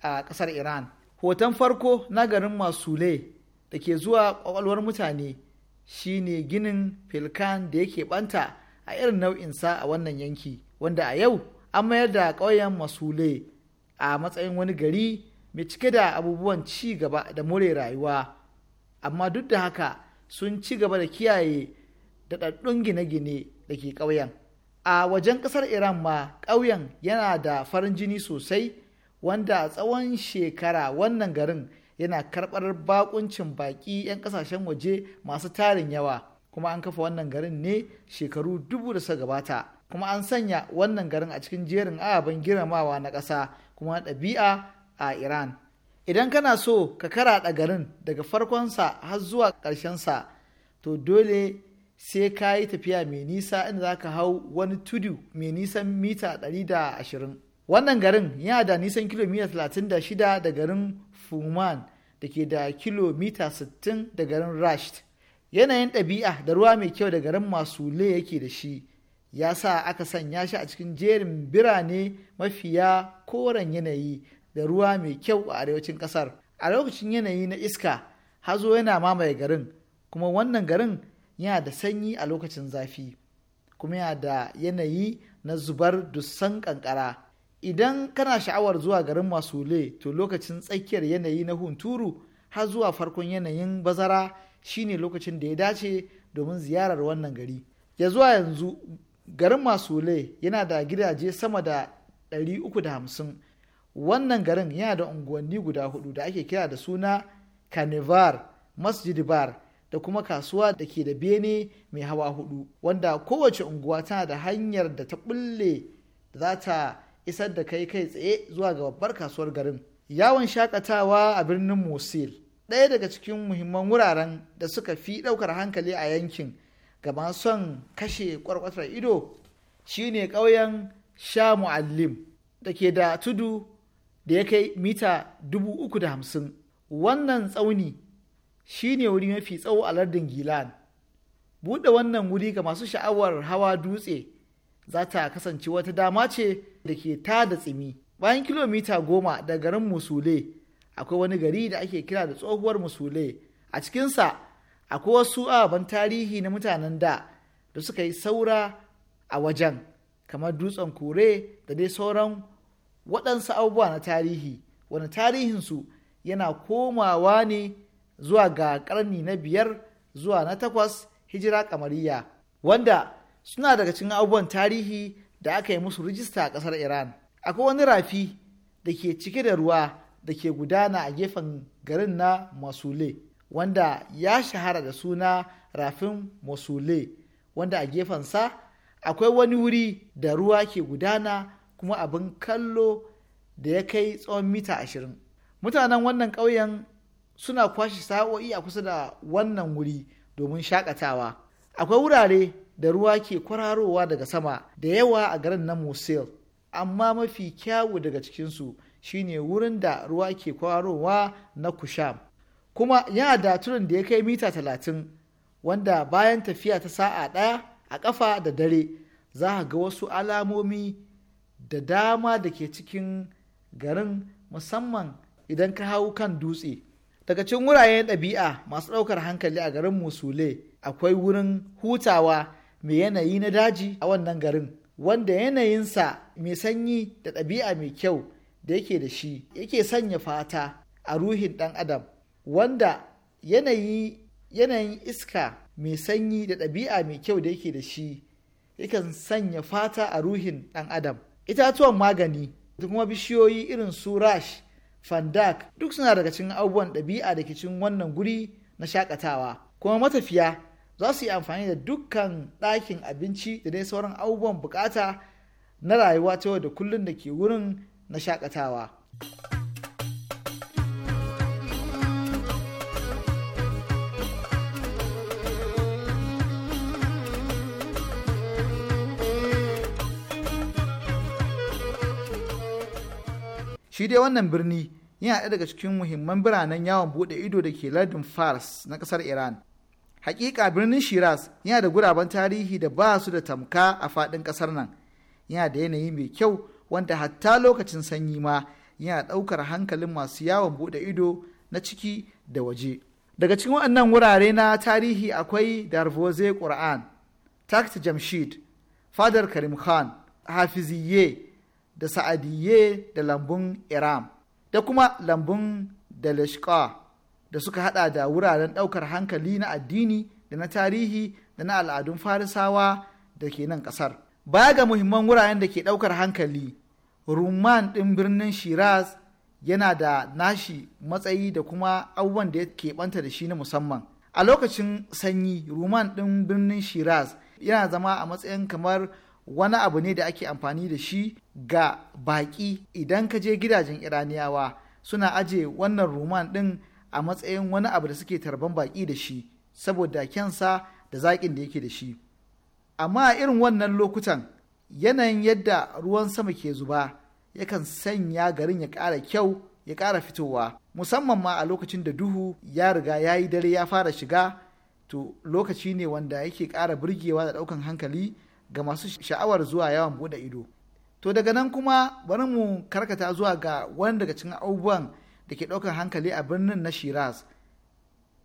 a ƙasar iran hoton farko na garin masule da ke zuwa ƙwaƙwalwar mutane shine ginin filkan da yake banta a irin nau'insa a wannan yanki wanda a yau an mayar da ƙauyen masule a matsayin wani gari mai cike da abubuwan ci gaba da more rayuwa amma duk da haka sun ci gaba da kiyaye daɗaɗɗun gine-gine da ke ƙauyen a wajen ƙasar iran ma ƙauyen yana da farin jini sosai wanda tsawon shekara wannan garin yana karɓar bakuncin baƙi 'yan ƙasashen waje masu tarin yawa kuma an kafa wannan garin ne shekaru dubu da suka gabata kuma an sanya wannan garin a cikin jerin ababen girmamawa na ƙasa kuma ɗabi'a a iran idan kana so ka karaɗa garin daga farkonsa har zuwa ƙarshensa to dole sai ka yi tafiya mai nisa inda za ka hau wani tudu mai nisan mita 120 wannan garin yana da nisan kilomita 36 da garin fuman da ke da kilomita 60 da garin rasht yanayin ɗabi'a da ruwa mai kyau da garin masule yake da shi ya sa aka sanya shi a cikin jerin birane mafiya koren yanayi da ruwa mai kyau a arewacin ƙasar a lokacin yanayi na iska hazo yana mamaye garin kuma wannan garin yana da sanyi a lokacin zafi kuma yana da yanayi na zubar dusan kankara idan kana sha'awar zuwa garin masule to lokacin tsakiyar yanayi na hunturu har zuwa farkon yanayin bazara shine lokacin da ya dace domin ziyarar wannan gari ya zuwa yanzu garin masule yana da gidaje sama da 350 wannan garin yana da unguwanni guda hudu da ake kira da suna carnivar masjid da kuma kasuwa da ke da bene mai hawa hudu wanda kowace unguwa tana da hanyar da ta bulle za ta isar da kai kai tsaye zuwa ga babbar kasuwar garin yawon shakatawa a birnin mosul ɗaya daga cikin muhimman wuraren da suka fi ɗaukar hankali a yankin gaba son kashe kwarkwatar ido shine ƙauyen sha mu'allim da ke da tudu da ya kai mita dubu uku da hamsin wannan tsauni shine wuri mafi tsawo a lardin gilan buɗe wannan wuri ga masu sha'awar hawa dutse za ta kasance wata dama ce da ke ta da tsimi bayan kilomita goma da garin musule akwai wani gari da ake kira da tsohuwar musule a cikinsa akwai wasu ababen tarihi na mutanen da da suka yi saura a wajen kamar dutsen kore da dai sauran waɗansu abubuwa na tarihi wani tarihinsu yana komawa ne zuwa ga ƙarni na biyar zuwa na takwas hijira kamariya wanda suna daga cikin abubuwan tarihi da aka yi musu rijista a ƙasar iran akwai wani rafi da ke cike da ruwa da ke gudana a gefen garin na masule wanda ya shahara da suna rafin masule wanda a gefen sa akwai wani wuri da ruwa ke gudana kuma abin kallo da ya kai tsawon mita ashirin mutanen wannan ƙauyen suna kwashe sa'o'i a kusa da wannan wuri domin shakatawa akwai wurare da ruwa ke kwararowa daga sama da yawa a garin na Mosul, amma mafi kyawu daga cikinsu shine wurin da ruwa ke kwararowa na Kusham. Kuma yana da turin da ya kai mita talatin, wanda bayan tafiya ta sa'a ɗaya a ƙafa da dare za a ga wasu alamomi da dama da ke cikin garin musamman idan ka hau kan dutse. Daga cikin wuraren ɗabi'a masu ɗaukar hankali a garin Musule akwai wurin hutawa mai yanayi na daji a wannan garin wanda yanayinsa mai sanyi da ɗabi'a mai kyau da yake da shi yake sanya fata a ruhin ɗan adam wanda yanayi yanayin iska mai sanyi da ɗabi'a mai kyau da yake da shi yakan sanya fata a ruhin ɗan adam itatuwan magani da kuma bishiyoyi irin su rash fandak duk suna daga cikin abubuwan ɗabi'a da ke cikin wannan guri na shakatawa kuma matafiya za su yi amfani da dukkan ɗakin abinci da dai sauran abubuwan bukata na rayuwa ta yau da kullum da ke wurin na shakatawa. shi dai wannan birni yana ɗaya daga cikin muhimman biranen yawon buɗe ido da ke lardin fars na ƙasar iran hakika birnin shiraz yana da guraben tarihi da ba su da tamka a faɗin ƙasar nan yana da yanayi mai kyau wanda hatta lokacin sanyi ma yana ɗaukar hankalin masu yawon buɗe ido na ciki da waje daga cikin waɗannan wurare na tarihi akwai darvoze qur'an takt jamshid fadar karim khan hafiziye da sa'adiye da lambun iram da kuma lambun dalashka da suka hada da wuraren daukar hankali na addini da na tarihi da na al'adun farisawa da ke nan kasar baya ga muhimman wuraren da ke daukar hankali rumman ɗin birnin shiraz yana da nashi matsayi da kuma abubuwan da ya keɓanta da shi na musamman a lokacin sanyi rumman ɗin birnin shiraz yana zama a matsayin kamar wani abu ne da ake amfani da shi ga baƙi idan ka je gidajen iraniyawa suna aje wannan ruman ɗin a matsayin wani abu da suke tarban baƙi da shi saboda kyansa da zaƙin da yake da shi amma a irin wannan lokutan yanayin yadda ruwan sama ke zuba yakan sanya garin ya ƙara kyau ya ƙara fitowa musamman ma a lokacin da duhu ya riga ya yi dare ya fara shiga to lokaci ne wanda yake ƙara burgewa da ɗaukan hankali ga masu sha'awar zuwa yawan buɗe ido to daga nan kuma bari mu karkata zuwa ga wani daga cikin abubuwan da ke ɗaukar hankali a birnin na shiraz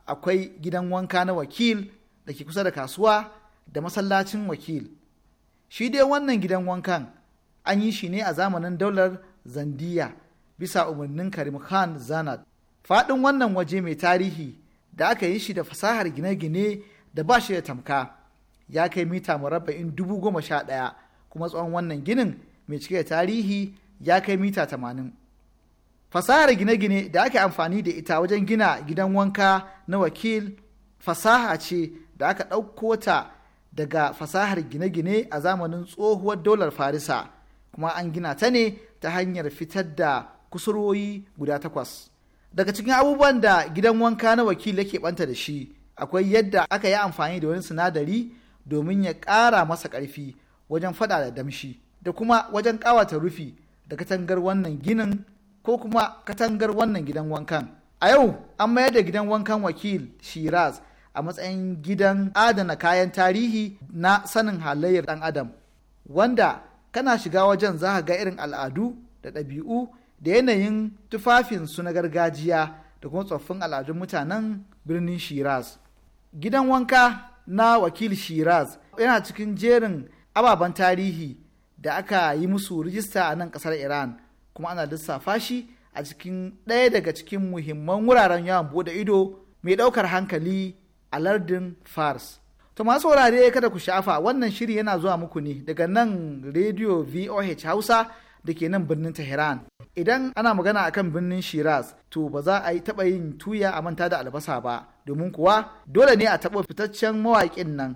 akwai gidan wanka na wakil da ke kusa da kasuwa da masallacin wakil shi dai wannan gidan wankan an yi shi ne a zamanin daular zandiya bisa umarnin karim khan zanat faɗin wannan waje mai tarihi da aka yi shi da fasahar gine-gine da ba shi da tamka ya kai mita murabba'in dubu goma sha ɗaya kuma tsawon wannan ginin mai cike da tarihi ya kai mita tamanin fasahar gine-gine da aka amfani da ita wajen gina gidan wanka na wakil fasaha ce da aka ɗauko ta daga fasahar gine-gine a zamanin tsohuwar dolar farisa kuma an gina ta ne ta hanyar fitar da kusurwoyi guda takwas daga cikin abubuwan da gidan wanka na wakil yake banta da shi akwai yadda aka yi amfani da wani sinadari domin ya ƙara masa ƙarfi wajen faɗa da damshi da kuma wajen ƙawata rufi da katangar wannan ginin ko kuma katangar wannan gidan wankan a yau an mayar da gidan wankan wakil shiraz a matsayin gidan adana kayan tarihi na sanin halayyar ɗan adam wanda kana shiga wajen za ga irin al'adu da ɗabi'u da yanayin tufafin su na gargajiya da kuma tsoffin al'adun mutanen birnin shiraz gidan wanka na wakil shiraz yana cikin jerin ababen tarihi da aka yi musu rijista a nan ƙasar iran kuma ana lissafa shi a cikin ɗaya daga cikin muhimman wuraren yawon bude ido mai ɗaukar hankali a lardin fars to masu saurare kada ku sha'afa wannan shiri yana zuwa muku ne daga nan radio voh hausa da ke nan birnin tehran idan ana magana akan birnin shiraz to ba za a yi taɓa yin tuya a manta da albasa ba domin kuwa dole ne a taɓa fitaccen mawaƙin nan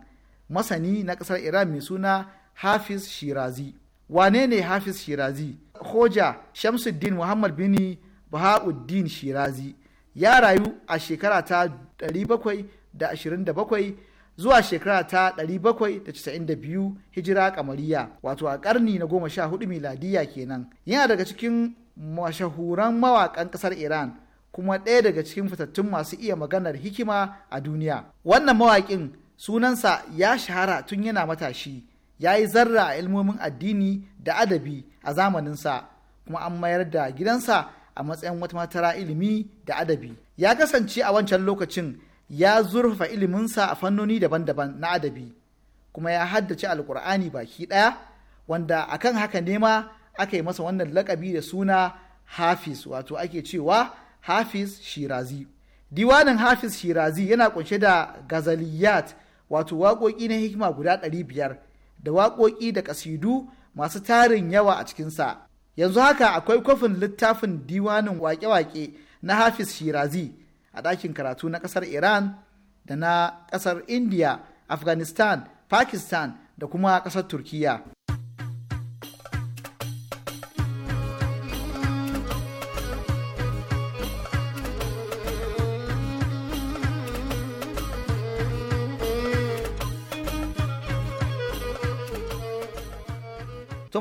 masani na ƙasar iran mai suna hafiz shirazi wane ne hafiz shirazi hoja shamsuddin muhammad bini bahauddin shirazi ya rayu a shekara ta 727 zuwa shekara ta 792 hijira kamariya wato a karni na goma sha miladiya kenan yana daga cikin mashahuran mawaƙan ƙasar iran kuma ɗaya daga cikin fitattun masu iya maganar hikima a duniya wannan mawakin sunansa ya shahara tun yana matashi ya yi zarra a ilmomin addini da adabi a zamaninsa kuma an mayar da gidansa a matsayin wata matara ilimi da adabi ya kasance a wancan lokacin ya zurfa iliminsa a fannoni daban-daban na adabi kuma ya haddace alkur'ani baki ɗaya wanda akan haka nema aka yi masa wannan lakabi da suna hafiz wato ake cewa hafiz shirazi diwanin hafiz shirazi yana kunshe da gazaliyat wato waƙoƙi na hikima guda ɗari biyar da waƙoƙi da ƙasidu masu tarin yawa a cikinsa yanzu haka akwai kwafin littafin diwanin wake-wake na hafiz shirazi a ɗakin karatu na ƙasar iran da na ƙasar indiya afghanistan pakistan da kuma ƙasar turkiya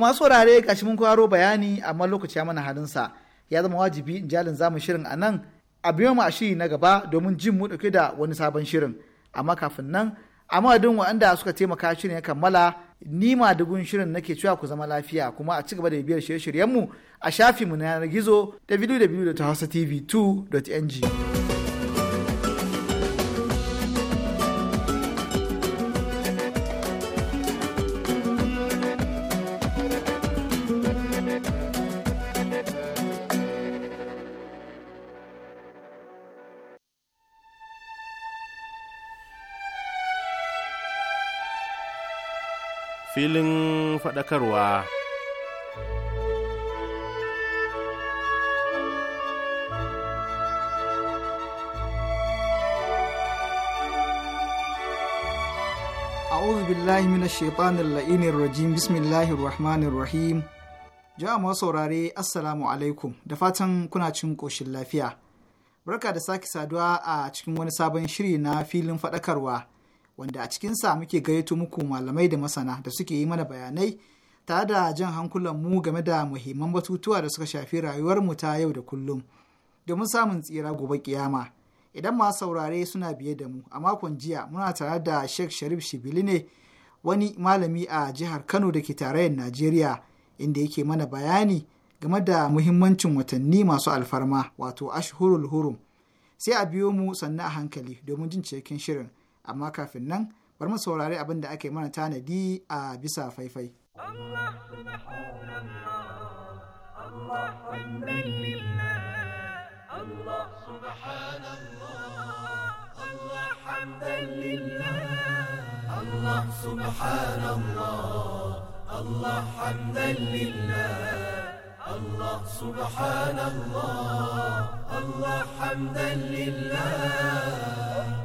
masu wurare gashi mun kwaro bayani amma lokaci ya mana sa ya zama wajibi in jalin zamu shirin a nan a biyo mu a shiri na gaba domin jin mu dauke da wani sabon shirin amma kafin nan a madadin waɗanda suka taimaka shirin ya kammala ni ma dugun shirin nake cewa ku zama lafiya kuma a cigaba da bibiyar shirye-shiryenmu a shafinmu na yanar gizo www.hausatv2.ng. filin faɗakarwa. A'udhu billahi minash shaitanir la'inir rajim bismillahir rahmanir rahim. Jama'a saurare Assalamu alaikum da fatan kuna cin ƙoshin lafiya. Barka da sake saduwa a cikin wani sabon shiri na filin faɗakarwa. wanda a cikinsa muke gayyato muku malamai da masana da suke yi mana bayanai tare da jan hankulan mu game da muhimman batutuwa da suka shafi rayuwarmu ta yau da kullum domin samun tsira gobe kiyama idan ma saurare suna biye da mu a makon jiya muna tare da sheikh sharif shibili ne wani malami a jihar kano da ke tarayyar najeriya inda yake mana bayani game da muhimmancin watanni masu alfarma wato ashhurul hurum sai a biyo mu sannan a hankali domin jin cikin shirin amma kafin nan bar mu saurari abin da ake mana tanadi a bisa faifai. Allah subhanallah Allah hamdan lillah الله سبحان الله الله حمدا لله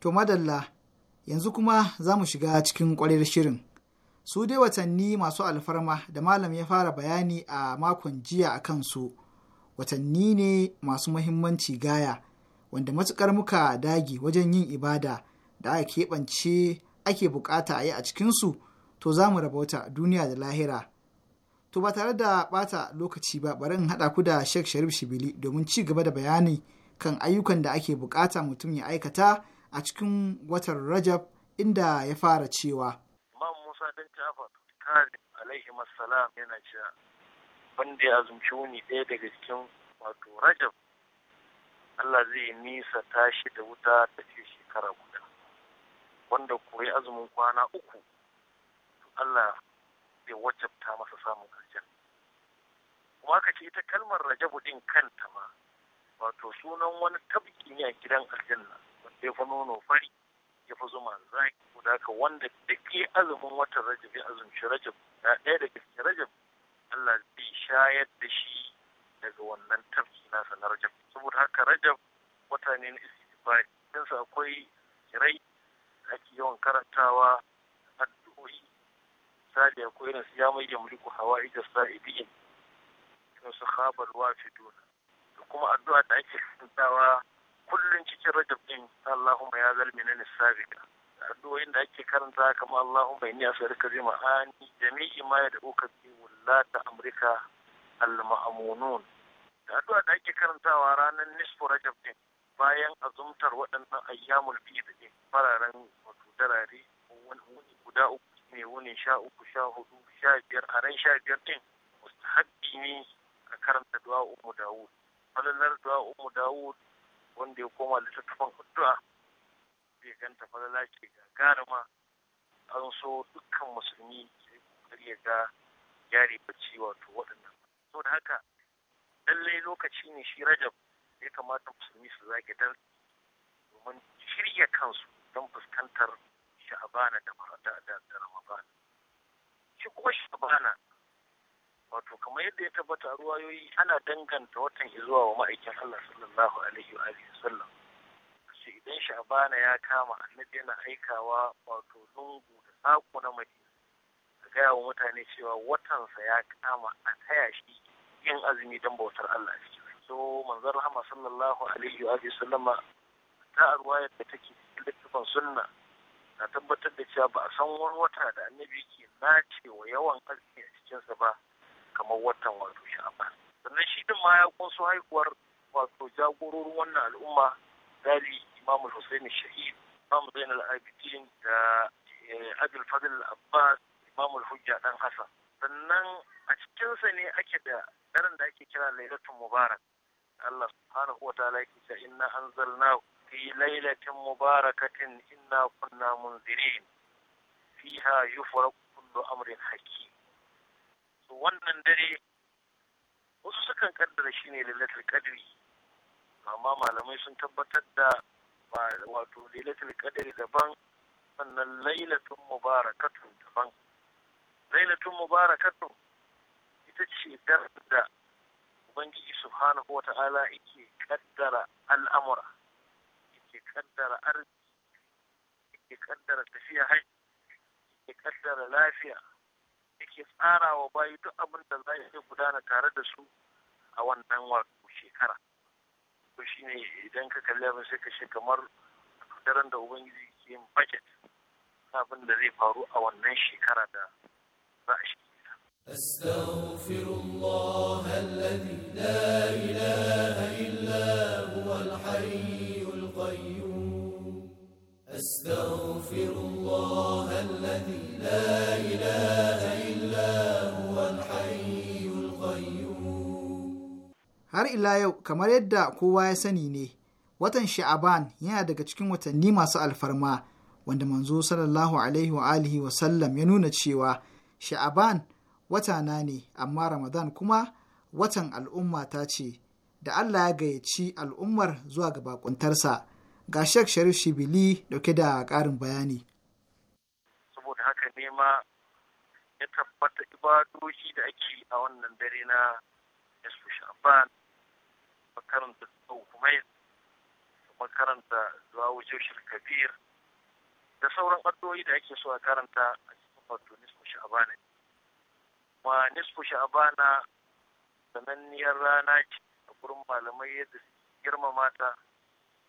To madalla, yanzu kuma za mu shiga cikin kwarar shirin. Su dai watanni masu alfarma da malam ya fara bayani a makon jiya a kansu, watanni ne masu mahimmanci gaya, wanda matukar muka dagi wajen yin ibada da aka keɓance ake bukata a yi a cikinsu, to za mu rabauta duniya da lahira. To ba tare da ɓata lokaci ba bari in haɗa ku da Sheikh Sharif Shibili domin ci gaba da bayani kan ayyukan da ake bukata mutum ya aikata a cikin watan Rajab inda ya fara cewa. Imam Musa dan Jafar kare alaihi masalam yana cewa wanda ya azumci wuni ɗaya daga cikin wato Rajab Allah zai nisa tashi da wuta ta ce shekara guda. Wanda kuwa ya azumin kwana uku, Allah zai wajabta masa samun karshen. Kuma ka ce ita kalmar Rajabu ɗin kanta ma, wato sunan wani tabki ne a gidan aljanna. ya fa nono fari ya fi zuma zaki da ka wanda duk ya azumin watan rajab ya azumci rajab na ɗaya da cikin rajab Allah zai shayar da shi daga wannan tafki nasa na rajab saboda haka rajab wata ne na istighfari sa akwai kirai da ake yawan karantawa addu'o'i Sadiya ko irin su ya mai yamliku hawa ija sa'ibi'in irin su khabar duna da kuma addu'a da ake karantawa cikin rajab din Allahumma ya zal minani sabiqa addu'o'in da ake karanta kamar Allahumma inni as'aluka bi ma'ani jami'i ma yad'uka bi wallata amrika al-ma'munun da addu'a da ake karantawa ranar nisfu rajab din bayan azumtar waɗannan ayyamul bid din fararen wato darare wani guda uku ne wuni sha uku sha hudu sha biyar a ran sha biyar din mustahabbi ne a karanta du'a ummu dawud falalar du'a ummu dawud wanda ya koma littattafan addu'a zai ganta falala ga garama, an so dukkan musulmi sai kokari ya ga yari bacci wato waɗannan So da haka lallai lokaci ne shi rajab ya kamata musulmi su zage dar domin shirya kansu don fuskantar sha'abana da da ramadana shi kuma sha'abana wato kamar yadda ya tabbata ruwayoyi ana danganta watan zuwa wa ma'aikin Allah sallallahu alaihi wa alihi sallam shi idan sha'bana ya kama annabi yana aikawa wato lungu da saƙo na madina a gaya wa mutane cewa watansa ya kama a taya shi yin azumi don bautar Allah a cikin so manzon rahama sallallahu alaihi wa alihi sallama ta da take cikin littafin sunna na tabbatar da cewa ba a san wani wata da annabi ke nace wa yawan azumi a cikinsa ba kamar watan wato sha'aban sannan shi din ma ya kunso haihuwar wato jagororin wannan al'umma gali imamu hussein shahid imamu zain al-abidin da eh, abdul fadl abbas imamu hujja dan hasan sannan a cikinsa ne ake da daren da ake kira lailatul mubarak Allah subhanahu wa ta'ala yake cewa inna anzalnahu في lailatin mubarakatin إنا كنا منذرين فيها يفرق كل أمر حكيم to wannan dare wasu sukan kaddara shi ne lailatul qadri amma malamai sun tabbatar da wato lailatul qadri daban sannan lailatun Mubarakatu daban lailatun Mubarakatu ita ce dar da ubangiji subhanahu wa ta'ala yake kaddara al'amura yake kaddara arziki yake kaddara tafiya haji yake kaddara lafiya yake tsarawa tsara wa bayi duk abin da za iya gudana tare da su a wannan wato shekara ko shine idan ka kalli abin sai ka ce kamar daren da ubangiji ke yin budget abin da zai faru a wannan shekara da za a shi أستغفر الله الذي لا إله إلا هو الحي القيوم أستغفر الله الذي لا إله har ila yau kamar yadda kowa ya sani ne watan sha'aban yana daga cikin watanni masu alfarma wanda manzo sallallahu alaihi wa alihi wa sallam ya nuna cewa sha'aban wata na ne amma ramadan kuma watan al'umma ta ce da allah ya gayyaci al'ummar zuwa ga bakuntarsa ga shek sharif shibili dauke da karin bayani saboda haka nema ya tabbata ibadoshi da ake a wannan dare na yasu sha'aban makaranta sau humaid makaranta zuwa joshil kabir da sauran addu'o'i da ake so a karanta a cikin wato nisfu sha'abana ma nisfu sha'abana sananniyar rana ce a gurin malamai yadda su girmama ta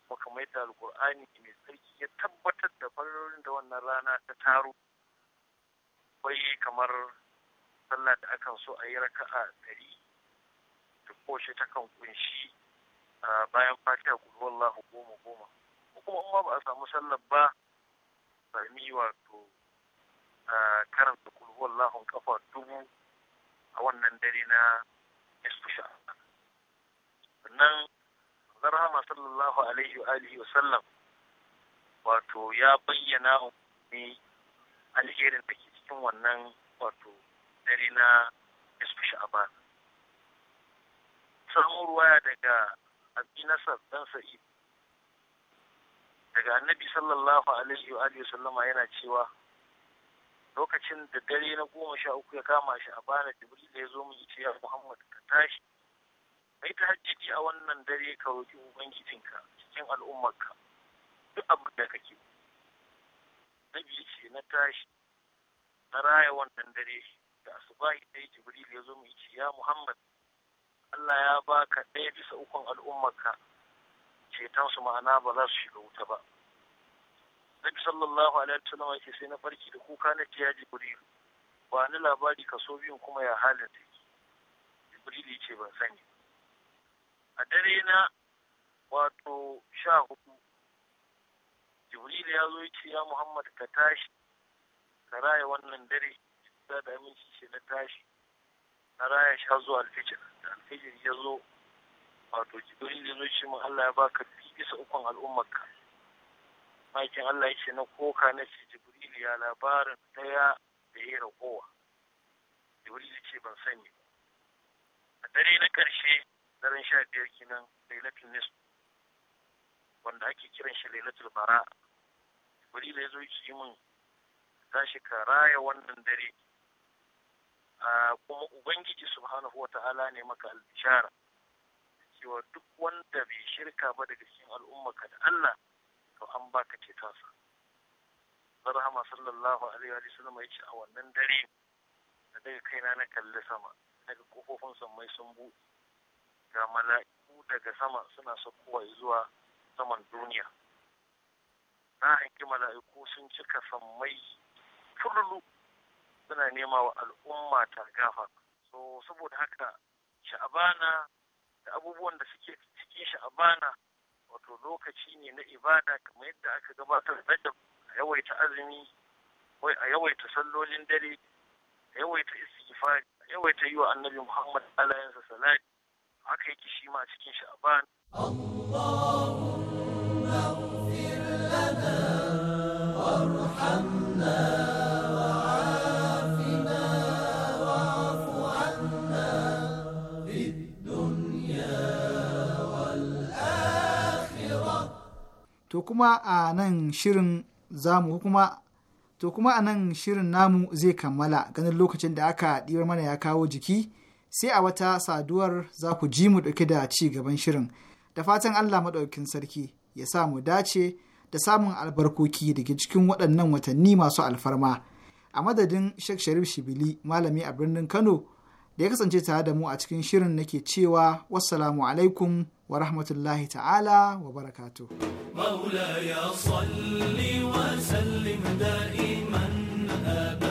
makamai da alkur'ani mai tsarki ya tabbatar da farorin da wannan rana ta taro bai kamar sallah da akan so a yi raka'a ɗari koshe ta kan kunshi bayan fatiha kudu wallahu goma goma kuma in ma ba a samu sallar ba sami wato karanta kudu wallahu kafa dubu a wannan dare na istusha sannan zarhama sallallahu alaihi wa alihi wa sallam wato ya bayyana ne alherin da ke cikin wannan wato dare na istusha ba samu ruwa daga abin nasar dan sa'id daga annabi sallallahu alaihi wa sallama yana cewa lokacin da dare na goma sha uku ya kama shi a bana jibril ya zo mu ce ya muhammad ka tashi kai ta hajjiji a wannan dare ka roki ubangijinka cikin al'ummarka duk abin da kake nabi ya ce na tashi na raya wannan dare da asubahi sai jibril ya zo mu ce ya muhammad Allah ya baka ɗaya bisa ukun al'ummarka ceton su ma'ana ba za su shiga wuta ba Zabi sallallahu alaihi wasallam yake sai na farki da kuka na ce ya Jibril ba ni labari kaso biyun kuma ya halin da Jibril ce ban sani a dare na wato sha hudu Jibril ya zo ce ya Muhammad ka tashi ka raya wannan dare da aminci ce na tashi na raya sha zuwa alfijir da alfijir ya zo wato jibril ya zo shi mu Allah ya baka fi bisa ukun al'ummarka makin Allah ya ce na koka na ce jibril ya labarin daya da ya ragowa jibiri ya ce ban sani ba a dare na ƙarshe daren sha biyar kinan lailatul nisf wanda ake kiran shi lailatul bara jibril ya zo shi mun tashi ka raya wannan dare kuma ubangiji subhanahu wa ta'ala ne maka al-bishara cewa duk wanda bai shirka ba daga cikin ka da Allah to an baka tasa. barhama sallallahu alaihi wa sallam ya ce a wannan dare da daga kaina na kalli sama daga kofofin sammai sun buɗe ga mala'iku daga sama suna saukowa zuwa saman duniya na hanki mala'iku sun cika sammai fululu suna nema wa al'umma ta gafa so saboda haka sha'abana da abubuwan da suke cikin sha'abana wato lokaci ne na ibada kamar yadda aka gabatar da a yawaita azumi a yawaita sallolin dare a yawaita istighfari a yawaita yi wa annabi muhammad alayhi salatu haka yake shi ma cikin sha'abana. to kuma a nan shirin zamu kuma to kuma a nan shirin namu zai kammala ganin lokacin da aka ɗiwar mana ya kawo jiki sai a wata saduwar za ku ji mu ɗauke da ci gaban shirin da fatan allah maɗaukin sarki ya sa mu dace da samun albarkoki daga cikin waɗannan watanni masu alfarma a madadin Sheikh Sharif Shibili malami a birnin Kano da ya kasance tare da mu a cikin shirin nake cewa wassalamu alaikum wa rahmatullahi ta'ala wa barakatu. مولاي صل وسلم دائما أبدا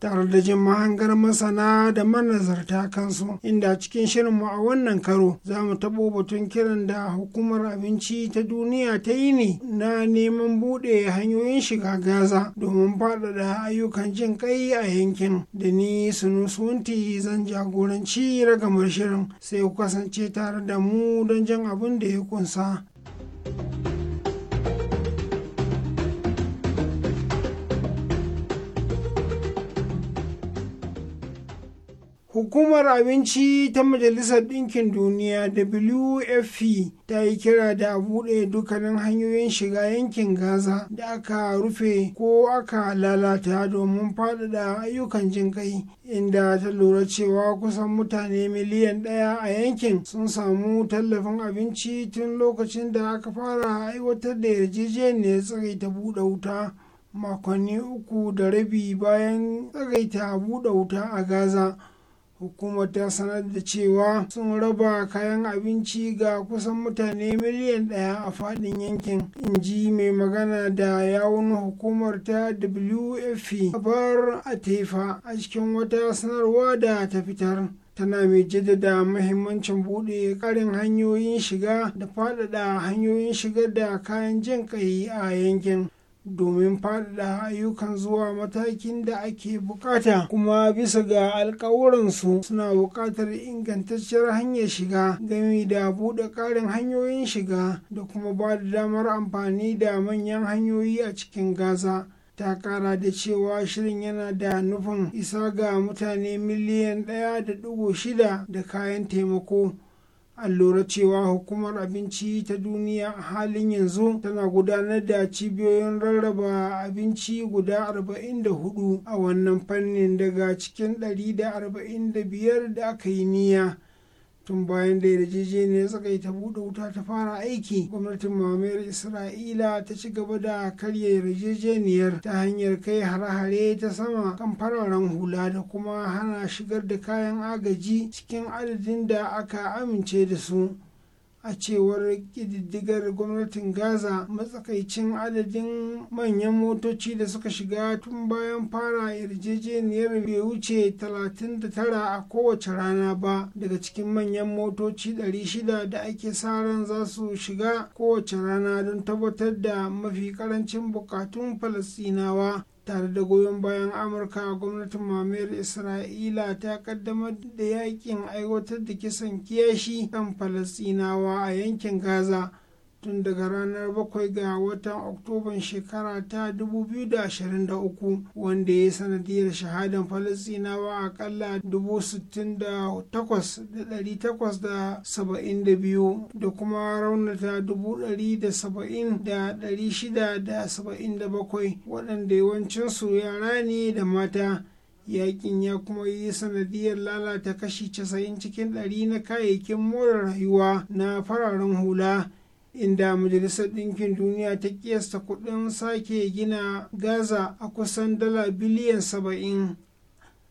tare da jin mahangar masana da manazarta kansu inda cikin shirin mu a wannan karo za mu tabo batun kiran da hukumar abinci ta duniya ta yi ne na neman buɗe hanyoyin shiga gaza domin faɗaɗa ayyukan jin kai a yankin da ni sunusunti zan jagoranci ragamar shirin sai ku kasance tare da mu don jan abin da ya kunsa hukumar abinci ta majalisar ɗinkin duniya wfp ta yi kira da a buɗe dukkanin hanyoyin shiga yankin gaza da aka rufe ko aka lalata domin faɗaɗa ayyukan jin kai inda ta lura cewa kusan mutane miliyan ɗaya a yankin sun samu tallafin abinci tun lokacin da aka fara aiwatar da yarjejeniyar tsirai ta buɗe wuta makonni uku da rabi bayan tsagaita buɗe wuta a gaza hukumar ta sanar da cewa sun raba kayan abinci ga kusan mutane miliyan ɗaya a faɗin yankin Inji mai magana da yawun hukumar ta wfp bar a tefa a cikin wata sanarwa da ta fitar tana mai jaddada mahimmancin buɗe karin hanyoyin shiga da faɗaɗa hanyoyin shigar da kayan jin ƙai a yankin domin faɗaɗa ayyukan zuwa matakin da ake bukata kuma bisa ga alkawuransu suna buƙatar ingantacciyar hanyar shiga gami da buɗe ƙarin hanyoyin shiga da kuma ba da damar amfani da manyan hanyoyi a cikin gaza ta kara da cewa shirin yana da nufin isa ga mutane miliyan ɗaya da dubu shida da kayan taimako an lura cewa hukumar abinci ta duniya a halin yanzu tana gudanar da cibiyoyin rarraba abinci guda 44 a wannan fannin daga cikin 145 da aka yi niyya tun bayan da yarjejeniyar tsakai ta bude wuta ta fara aiki gwamnatin mamayar isra'ila ta ci gaba da karya yarjejeniyar ta hanyar kai hare-hare ta sama kan fararen hula da kuma hana shigar da kayan agaji cikin adadin da aka amince da su a cewar kididdigar gwamnatin gaza matsakaicin adadin manyan motoci da suka shiga tun bayan fara yarjejeniyar bai wuce 39 a kowace rana ba daga cikin manyan motoci 600 da ake sa ran za su shiga kowace rana don tabbatar da mafi karancin bukatun falasinawa tare da goyon bayan amurka gwamnatin mamayar isra'ila ta kaddamar da yakin aiwatar da kisan kiyashi kan falasinawa a yankin gaza tun daga ranar 7 ga watan oktoban shekara ta 2023 wanda ya sanadiyar shahadan falasinawa akalla 68,872 da kuma raunata 170,677 waɗanda yawancinsu yara ne da mata yakin ya kuma yi sanadiyar lalata kashi 90 cikin 100 na kayayyakin more rayuwa na fararen hula inda majalisar ɗinkin duniya ta kiyasta kuɗin sake gina gaza a kusan dala biliyan saba'in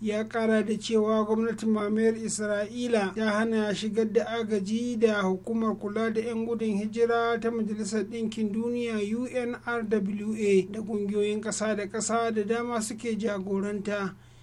ya kara da cewa gwamnatin mamayar isra'ila ya hana ya shigar da agaji da hukumar kula da 'yan gudun hijira ta majalisar ɗinkin duniya unrwa da ƙungiyoyin ƙasa da ƙasa da dama suke jagoranta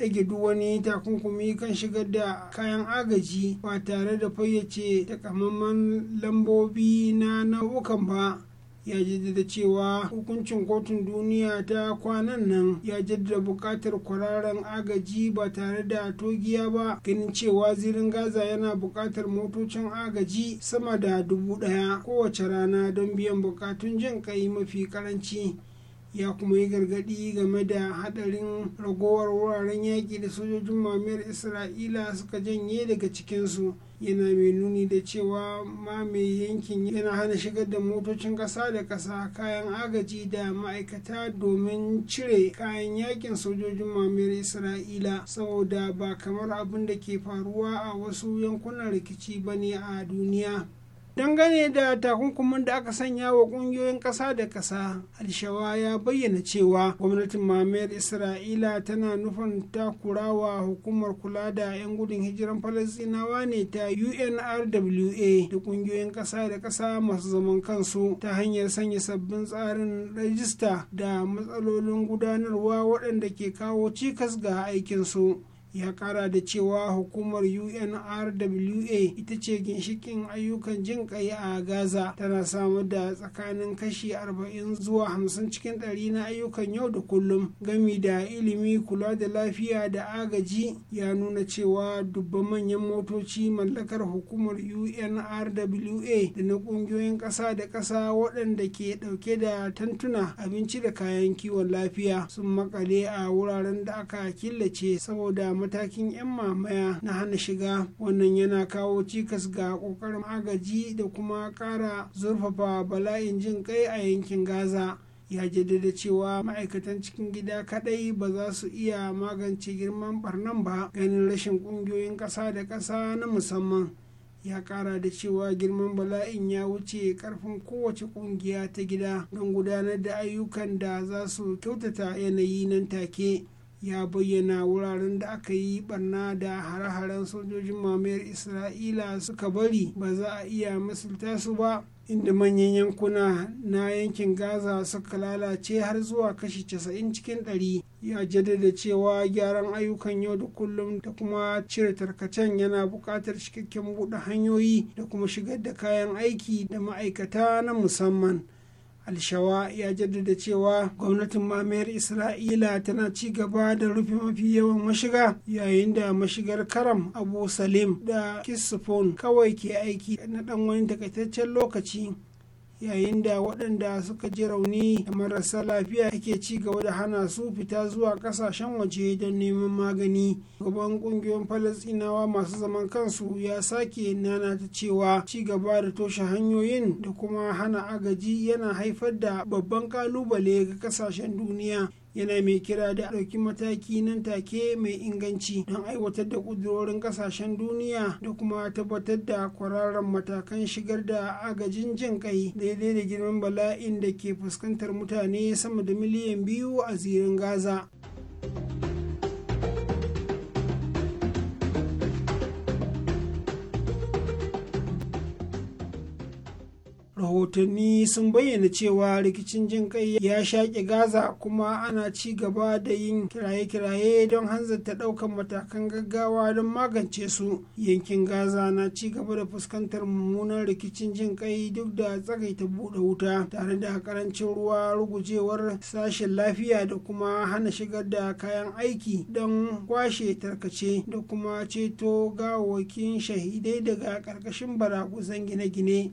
ɗage duk wani takunkumi kan shigar da kayan agaji ba tare da fayyace takamaiman lambobi na nau'ukan ba ya jaddada cewa hukuncin kotun duniya ta kwanan nan ya jaddada buƙatar kwararren agaji ba tare da togiya ba ganin cewa zirin gaza yana buƙatar motocin agaji sama da dubu ɗaya kowace rana don biyan buƙatun jin ƙai mafi ƙaranci ya kuma yi gargaɗi game da haɗarin ragowar wuraren yaƙi da sojojin mamayar isra'ila suka janye daga cikinsu yana mai nuni da cewa ma mai yankin yana hana shigar da motocin ƙasa da ƙasa kayan agaji da ma'aikata domin cire kayan yakin sojojin mamayar isra'ila saboda ba kamar abin da ke faruwa a wasu yankunan rikici ba ne a duniya dangane da takunkumin da aka sanya wa kungiyoyin ƙasa da ƙasa alshawa ya bayyana cewa gwamnatin mamayar isra'ila tana nufin takurawa hukumar kula da 'yan gudun hijiran falasinawa ne ta unrwa da kungiyoyin ƙasa da ƙasa masu zaman kansu ta hanyar sanya sabbin tsarin rajista da matsalolin gudanarwa waɗanda ke kawo cikas ga aikinsu ya kara da cewa hukumar unrwa ita ce ginshikin ayyukan jin kai a gaza tana samar da tsakanin kashi 40 zuwa 50 cikin 100 na ayyukan yau da kullum gami da ilimi kula da lafiya da agaji ya nuna cewa dubban manyan motoci mallakar hukumar unrwa da na kungiyoyin kasa da kasa waɗanda ke ɗauke da tantuna abinci da kayan kiwon lafiya sun makale a wuraren da aka killace saboda matakin 'yan mamaya na hana shiga wannan yana kawo cikas ga ƙoƙarin agaji da kuma ƙara zurfafa bala'in jin kai a yankin gaza ya jaddada cewa ma'aikatan cikin gida kadai ba za su iya magance girman barnan ba ganin rashin kungiyoyin ƙasa da ƙasa na musamman ya kara da cewa girman bala'in ya wuce karfin kowace kungiya ta gida don gudanar da ayyukan da za su kyautata yanayi nan take ya bayyana wuraren da aka yi barna da hare-haren sojojin mamayar isra'ila suka bari ba za a iya misalta su ba inda manyan yankuna na yankin gaza suka lalace har zuwa kashi 90 cikin 100 ya jaddada cewa gyaran ayyukan yau da kullum da kuma cire tarkacen yana buƙatar cikakken buɗe hanyoyi da kuma shigar da kayan aiki da ma'aikata na musamman alshawa ya jaddada cewa gwamnatin mamayar isra'ila tana ci gaba da rufe mafi yawan mashiga yayin da mashigar karam abu salim da kisifon kawai ke aiki na dan wani takaitaccen lokaci yayin da waɗanda suka ji rauni da marasa lafiya ake ci gaba da hana su fita zuwa ƙasashen waje don neman magani gaban ƙungiyoyin falastinawa masu zaman kansu ya sake nana ta cewa ci gaba da toshe hanyoyin da kuma hana agaji yana haifar da babban ƙalubale ga ƙasashen duniya yana mai kira da ɗauki mataki nan take mai inganci don aiwatar da ƙudurorin ƙasashen duniya da kuma tabbatar da kwararren matakan shigar da agajin jin kai daidai da girman bala'in da ke fuskantar mutane sama da miliyan biyu a zirin gaza. rahotanni sun bayyana cewa rikicin jin kai ya shaƙe gaza kuma ana ci gaba da yin kiraye-kiraye don hanzarta ɗaukar matakan gaggawa don magance su yankin gaza na ci gaba da fuskantar mummunan rikicin jin kai duk da tsagaita buɗe wuta tare da karancin ruwa rugujewar sashen lafiya da kuma hana shigar da kayan aiki don kwashe tarkace da kuma ceto gawawwakin shahidai daga ƙarƙashin baraguzan gine-gine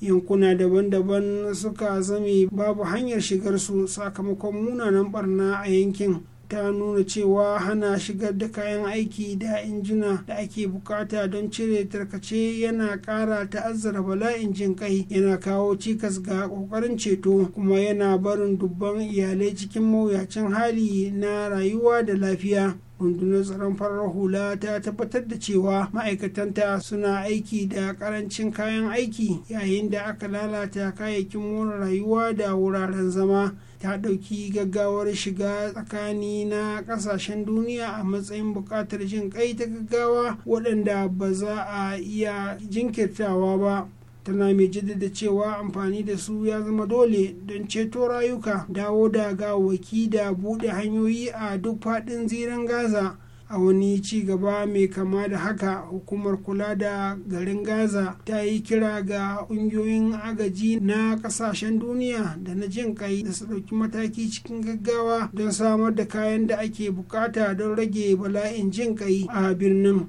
yankuna daban-daban suka zame babu hanyar shigarsu sakamakon munanan barna a yankin ta nuna cewa hana shigar da kayan aiki da injina da ake bukata don cire tarkace yana kara ta'azzara bala'in jin kai yana kawo cikas ga kokarin ceto kuma yana barin dubban iyalai cikin mawuyacin hali na rayuwa da lafiya rundunar tsaron farar hula ta tabbatar da cewa ma'aikatanta suna aiki da karancin kayan aiki yayin da aka lalata kayayyakin more rayuwa da wuraren zama ta ɗauki gaggawar shiga tsakani na ƙasashen duniya a matsayin buƙatar jin kai ta gaggawa waɗanda ba za a iya jinkirtawa ba tana mai jaddada cewa amfani da su ya zama dole don ceto rayuka dawo da gawaki da buɗe hanyoyi a duk faɗin zirin gaza a wani ci gaba mai kama da haka hukumar kula da garin gaza ta yi kira ga ƙungiyoyin agaji na ƙasashen duniya da na jin kai da su ɗauki mataki cikin gaggawa don samar da kayan da ake bukata don rage bala'in jin kai a birnin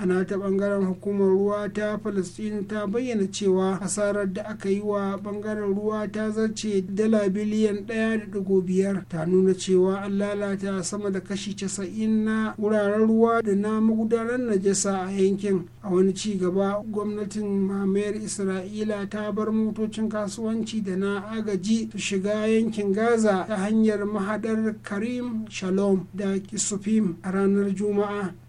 a ta bangaren hukumar ruwa ta palestine ta bayyana cewa hasarar da aka yi wa bangaren ruwa ta zarce dala biliyan ɗaya da digo biyar ta nuna cewa an lalata sama da kashi casa'in na wuraren ruwa da na magudanar najasa a yankin a wani ci gaba gwamnatin mamayar isra'ila ta bar motocin kasuwanci da na agaji su shiga yankin gaza ta hanyar mahadar karim shalom da kisufim a ranar juma'a